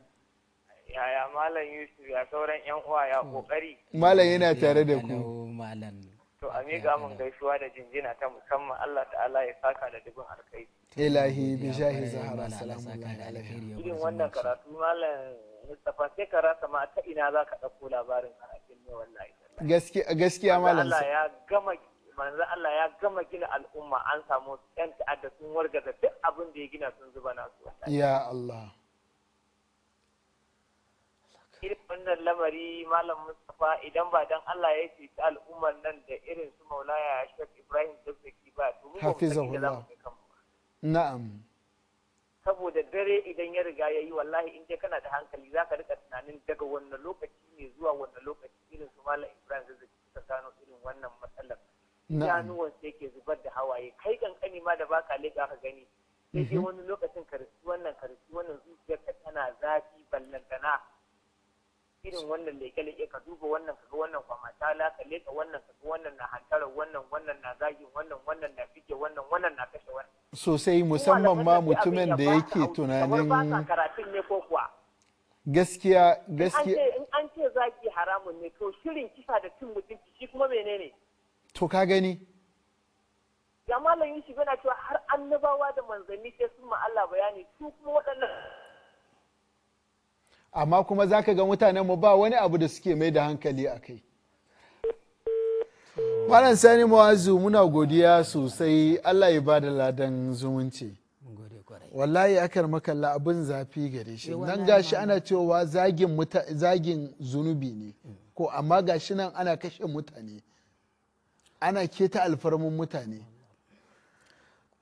yaya malam yusuf ya sauran yan uwa ya kokari malam yana tare da ku malam to a miƙa min gaisuwa da jinjina ta musamman Allah ta'ala ya saka da dubin alkai ilahi bi shahi zahara salamu alaihi irin wannan karatu mallam mustafa sai ka rasa ma ta ina za ka ɗauko labarin karatun ne wallahi gaskiya gaskiya mallam Allah ya gama manzo Allah ya gama gina al'umma an samu yan ta'adda sun wargaza duk abin da ya gina sun zuba nasu ya Allah irin wannan lamari malam mustapha idan ba dan Allah ya ce ta al'ummar nan da irin su maulaya shek ibrahim zazzaki ba to mu na'am saboda dare idan ya riga ya yi wallahi in je kana da hankali za ka rika tunanin daga wannan lokaci ne zuwa wannan lokaci irin su malam ibrahim zazzaki suka gano irin wannan matsalar idanuwan sai ke zubar da hawaye kai kankani ma da baka leƙa ka gani sai mhm. wani lokacin karisi wannan karisi wannan zuciyarka tana zafi ballantana irin wannan leke eh, leke ka duba wannan kaga wannan kwamata la ka leka wannan kaga wannan na hantarar wannan wannan na zagin wannan wannan na fike wannan wannan na kashe wannan sosai musamman ma mutumin da yake tunanin sa karatun ne ko kuwa gaskiya gaskiya in an ce zagi haramun ne to shirin kisa da cin mutunci shi kuma menene to ka gani ya malam yusuf yana cewa har annabawa da manzanni sai sun ma Allah bayani su kuma waɗannan amma kuma za ka ga mutanen mu ba wani abu da suke mai da hankali a kai malam sani mawazu muna godiya sosai allah ya da ladan zumunci wallahi akar makalla abin zafi gare shi eh, nan gashi ana cewa zagin zagin zunubi ne mm. ko amma gashi nan ana kashe mutane ana keta alfarmin mutane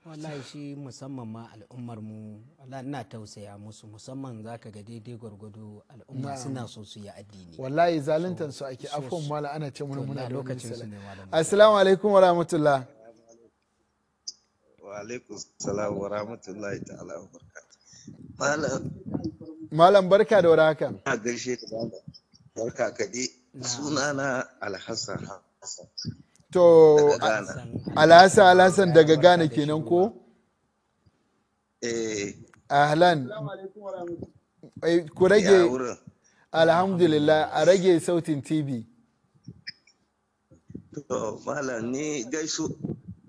wallahi shi musamman ma al'ummar mu ina tausaya musu musamman zaka ga daidai gwargwado al'umma suna so su yi addini wallahi zaluntan su ake afon mala ana ce mun muna lokacin su ne assalamu alaikum wa rahmatullah wa alaikum salam wa rahmatullahi ta'ala wa barakatuh malam barka da warhaka ina gaishe da barka kadi sunana alhassan hassan to alhassan alhassan daga ghana kenan ko eh ahlan eh, ku rage alhamdulillah a rage sautin tv to malam ni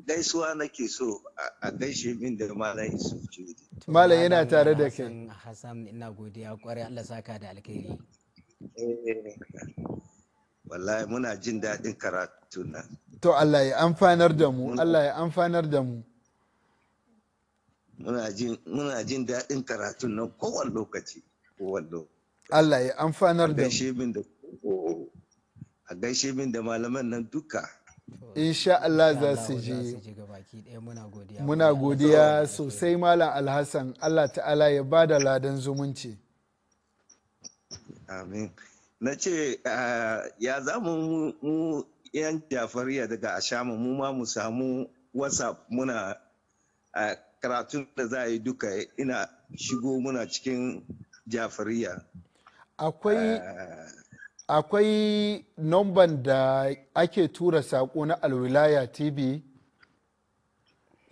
gaisuwa nake so a gaishe min da malam isu malam yana tare da kai hassan ina godiya kwarai allah saka da alkhairi eh, eh, wallahi muna jin daɗin karatu nan to Allah ya amfanar da mu Allah ya amfanar da mu muna jin daɗin karatun nan kowane lokaci kowane lokaci Allah ya amfanar da mu a gaishe min da malaman nan duka insha Allah za su je muna godiya sosai malam alhassan Allah ta'ala ya bada ladan zumunci amin na ce ah, ya zamu mu yan jafariya daga ashama mu ma mu samu whatsapp muna karatun da za a yi duka ina shigo muna cikin jafariya akwai ah. akwai nomban da ake tura saƙo na alwilaya tv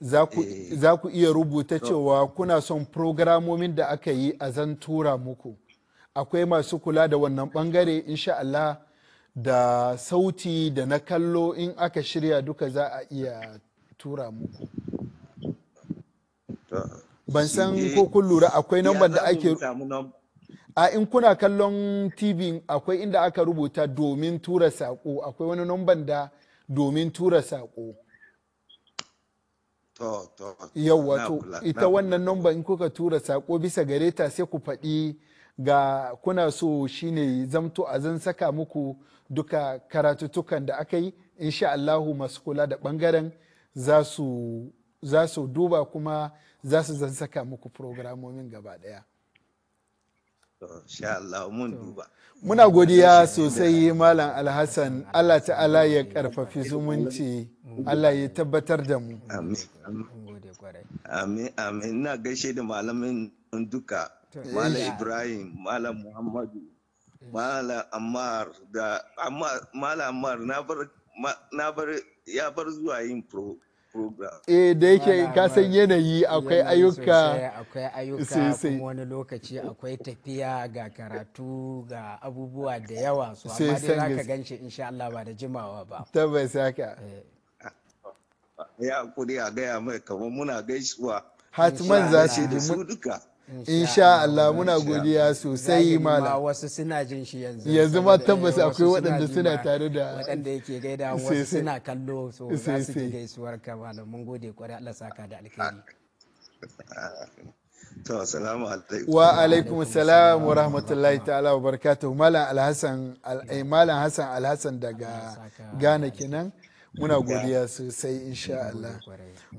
eh. za ku iya rubuta cewa kuna son programomin da aka yi a zan tura muku akwai masu kula da wannan bangare insha Allah da sauti da na kallo in aka shirya duka za a iya tura muku ban san ko kun lura akwai namban da ake a in kuna kallon tv akwai inda aka rubuta domin tura sako akwai wani namban da domin tura sako yau wato ita wannan namban in kuka tura sako bisa gareta sai ku faɗi ga kuna so shine zamto a zan saka muku duka karatutukan da aka yi insha Allahu masu kula da bangaren za su duba kuma za su zan saka muku programomin gaba daya muna godiya sosai malam alhassan allah ta'ala ya karfafi zumunci allah ya tabbatar da mu amin amin na gaishe da malamin duka mala eh, Ibrahim, Malam Muhammadu, eh. Malam Ammar da Mala Ammar na bar ya bar zuwa yin pro. Eh da yake ka san yanayi akwai ayyuka akwai ayyuka kuma wani lokaci akwai tafiya ga karatu ga abubuwa da yawa su amma dai za ka ganshi insha Allah ba da jimawa ba tabbas haka eh. ya kudi a gaya mai kamar muna gaisuwa hatiman za su duka insha Allah muna godiya sosai malam wasu suna jin shi yanzu yanzu ma tabbas akwai waɗanda suna tare da waɗanda yake gaida wasu suna kallo so za su ji gaisuwar ka malam mun gode kwarai Allah saka da alkhairi to assalamu alaikum wa alaikum assalam wa rahmatullahi ta'ala wa barakatuh malam alhasan eh, malam hasan alhasan daga Ghana kenan muna godiya sosai insha Allah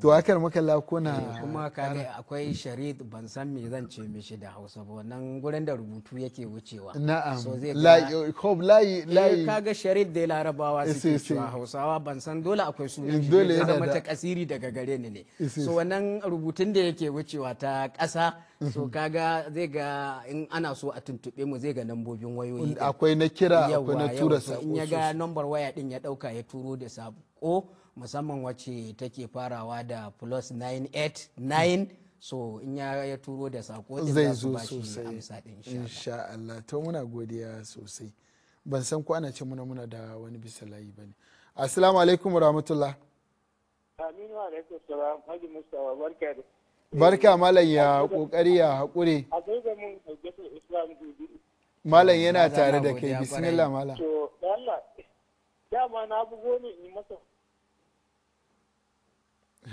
to akar makalla kuna eh, kuma kare akwai sharid ban san me zan ce mishi da Hausa ba wannan gurin da rubutu yake wucewa na'am so zai layi eh, kaga sharid da larabawa suke cewa Hausawa ban san dole akwai su eh, dole yana mata kasiri daga gare ni ne so wannan rubutun da yake wucewa ta ƙasa so mm-hmm. kaga zai ga in ana so a tuntube mu zai ga nambobin wayoyi akwai na kira akwai na tura sa in ya ga nambar waya din ya dauka ya turo da sako musamman wacce take farawa da plus 989 so in ya turo da sako zai zo sosai insha Allah to muna godiya sosai ban san ko ana ce muna muna da wani bisa layi bane assalamu alaikum warahmatullah aminu alaikum salam haji mustafa barka da barka malam ya kokari ya haƙure malam yana tare da kai bismillah malam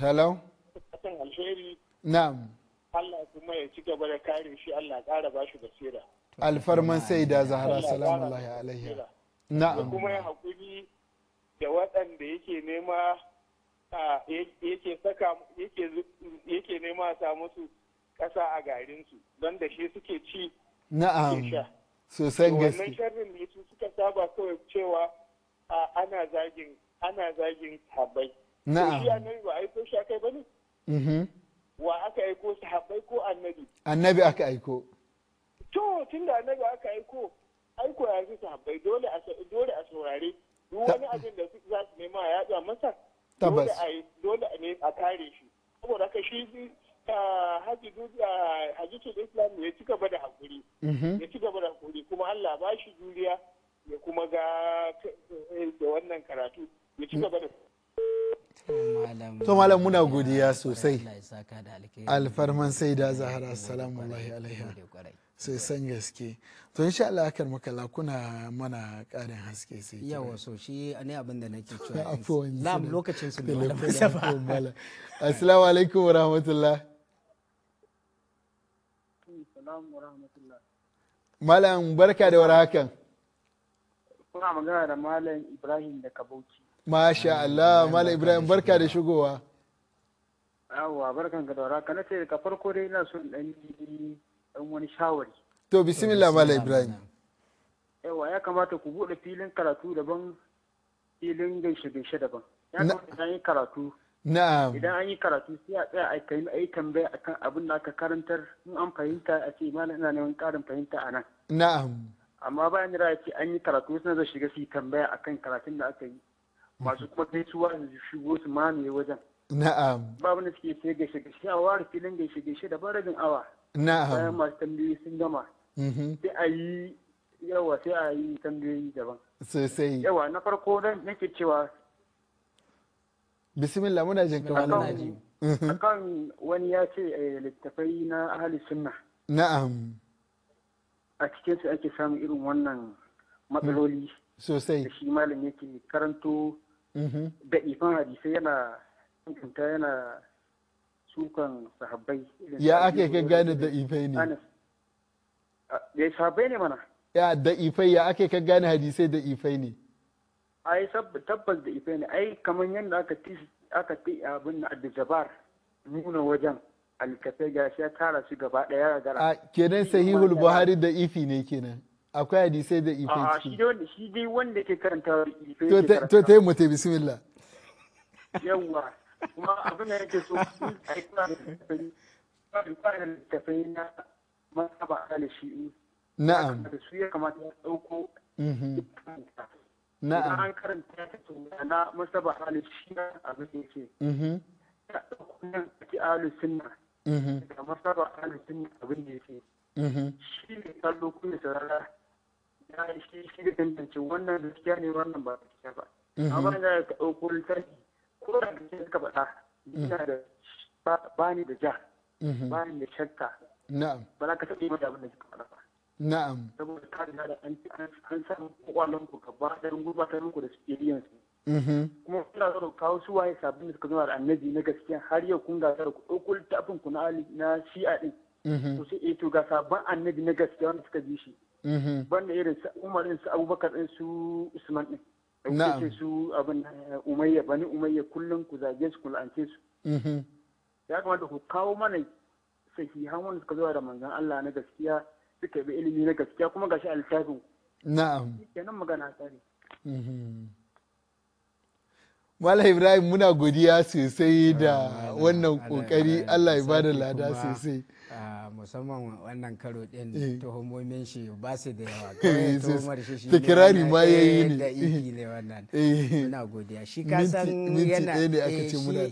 hello na'am Allah kuma ya ci gaba da kare shi Allah ƙara ba shi basira alfarman sai da zahara salamu alaihi alaihi na'am kuma ya haƙuri da waɗanda yake nema yake nema a nema su kasa ƙasa a garinsu don da shi suke ci na'am sosan gaske wannan sharrin ne su suka saba kawai cewa ana zagin ana zagin sahabbai na'am shi annabi ba aiko shi akai bane mm-hmm. wa aka aiko habai ko annabi annabi aka aiko to tunda annabi aka aiko aiko ya fi su dole a dole a saurare duk wani abin da za su nema ya yaɗa masa tabbas dole ne a kare shi saboda haka shi haji hajjitul islam ya ci gaba da hakuri mm-hmm. ya ci gaba da hakuri kuma Allah ba shi juriya ya kuma ga eh, da wannan karatu ya ci gaba da to malam muna godiya sosai alfarman sai da zahara assalamu alaihi sai san gaske to insha Allah akar makala kuna mana karin haske sai yawa so shi ne abin da nake cewa lam lokacin su ne assalamu alaikum wa rahmatullah malam barka da hakan kuna magana da malam ibrahim da kabauci masha Allah malam ibrahim barka da shigowa yawa barkan ka da haka na ce ka farko dai ina son dan ɗan wani shawari to bismillah mala ibrahim yawa ya kamata ku buɗe filin karatu daban filin gaishe gaishe daban ya kamata idan an yi karatu na'am idan an yi karatu sai a tsaya a kai a yi tambaya akan abin da aka karantar in an fahimta a ce malam ina neman ƙarin fahimta a nan na'am amma bayan da ce an yi karatu sun zai shiga su yi tambaya akan karatun da aka yi masu kuma gaisuwa su shigo su mamaye wajen na'am babu da suke sai gaishe gaishe a ware filin gaishe gaishe da rabin awa na'am tambayoyi sun gama mm-hmm. sai a na farko bismillah muna jin kamar ji akan wani ya ce eh, littafai na ahli sunna na'am a cikin su ake samun irin wannan matsaloli mm-hmm. sosai da shi malam yake karanto mm-hmm. da ifan hadisai yana yana sukan sahabbai ya ake ka gane da ifai ne ya sahabbai ne mana ya da ifai ya ake ka gane hadisai da ifai ne ai tabbas da ifai ne ai kamar yadda aka ti aka ti abin na abdujabar nuna wajen alkafe ga shi ya tara su gaba daya ya gara kenan sahihul buhari da ifi ne kenan akwai hadisai da ifai ciki shi dai wanda ke karanta ifai to ta yi mu bismillah yawwa kuma abin da yake so a yi kuna da tafai kuna da tafai na masaba a shi na'am da su ya kamata ya ɗauko mm-hmm. na'am an karanta ta tuna na masaba a shi na abin da yake mm-hmm. ya ɗauko nan a ki alu sunna mm-hmm. da masaba a sunna abin da yake shi ne kallo kuma sarara ya shi shi da tantance wannan gaskiya ne wannan ba gaskiya ba amma da ka ɗauko littafi ko da da suka faɗa ina mm. da ba ni da ja mm-hmm. ba ni da shakka na'am ba za ka taɓa yi da abin da suka faɗa ba na'am saboda ka riga da an an sa kwakwalon ku gaba da gurbatar muku da experience mm-hmm. kuma kuna zo kawo su waye sabbin da suka zama da annabi na gaskiya har yau kun gagara ku ɗauko littafin ku na ali na shi'a din mm-hmm. to sai eh to ga sabon annabi na gaskiya wanda suka bi shi banda irin su umar su abubakar din su usman din ɗauke su abin umayya bani umayya kullum ku zage su ku la'ance su mm-hmm. ya kamata ku kawo mana sahihan wanda suka zuwa da manzan Allah na gaskiya suka bi ilimi na gaskiya kuma gashi a littafin na'am kenan magana ta ne mm-hmm. Malam Ibrahim muna godiya sosai da wannan kokari Allah ya bada lada sosai. musamman wannan karo din eh. tuhumomin shi ba su da yawa kawai eh, tuhumar shi shi eh, ne ma da iki ne wannan muna godiya shi ka san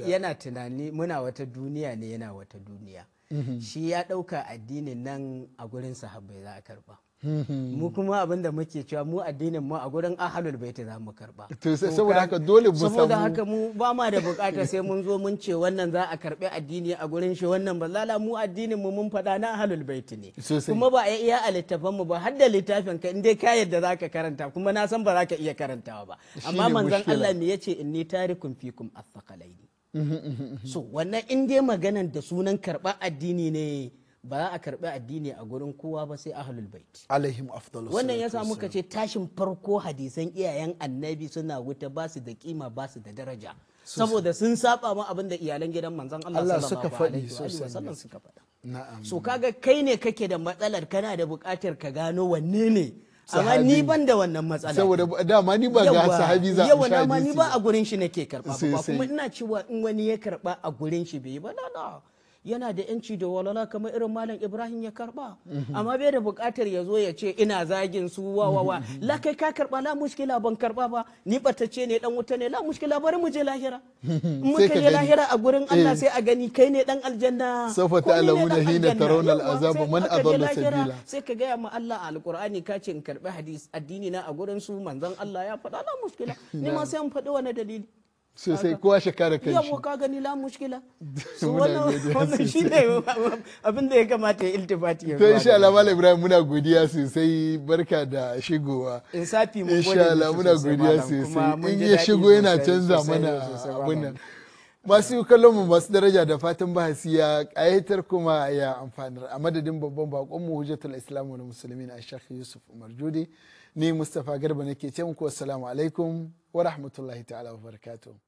yana tunani muna wata duniya ne yana wata duniya mhm. shi ya ɗauka addinin nan a gurin sahabbai za a karba mu hmm. kuma abin da muke cewa mu addinin mu a gurin ahalul baiti za mu karba saboda haka dole mu saboda haka mu ba ma da bukata sai mun zo mun ce wannan za a karbi addini a gurin shi wannan ba lala mu addinin mu mun fada na ahalul baiti ne kuma ba a iya a littafan mu ba har da littafin ka in dai ka yadda zaka karanta kuma na san ba zaka iya karantawa ba amma manzon Allah me yace inni tarikum fikum athqalaini hmm, hmm, so wannan in dai maganan da sunan karba addini ne ba za a karbi addini a gurin kowa ba sai ahlul bait alaihim afdalus wannan yasa muka ce tashin farko hadisan iyayen annabi suna wuta ba su da kima ba su da daraja saboda sun saba mu abin da iyalan gidan manzon Allah sallallahu alaihi wasallam suka faɗa na'am so kaga kai ne kake da matsalar kana da buƙatar ka gano wanne ne amma ni ban da wannan matsala saboda dama ni ba ga sahabi za a yawa dama ni ba a gurin shi nake karba ba kuma ina cewa in wani ya karba a gurin shi bai ba na yana da yanci da walala kamar irin malam ibrahim ya karba mhm. amma bai da bukatar ya zo ya ce ina zagin su wa wa wa mhm. la kai ka karba la mushkila ban karba ba ni batace ne dan wuta ne la mushkila bari mu je lahira mhm. mu kai lahira a gurin Allah eh. sai a gani kai ne dan aljanna sawfa da hina tarawna al'azab man adalla sabila sai ka gaya ma Allah alqur'ani ka ce in karbi hadis addini na a gurin su manzon Allah ya faɗa la mushkila ni ma sai mu faɗi wani dalili sosai kowa shi kare kan shi ka gani la mushkila su wannan shi ne abin da ya kamata ya iltifati ya to insha Allah malam Ibrahim muna godiya sosai barka da shigowa insafi mu insha Allah muna godiya sosai in ya shigo yana canza mana abin nan masu kallon mu masu daraja da fatan bahasi ya ƙayatar kuma ya amfanar a madadin babban bakon mu hujjatul islamu na musulmin a shekh yusuf umar jude ni mustapha garba nake ce muku assalamu alaikum wa rahmatullahi ta'ala wa barakatuh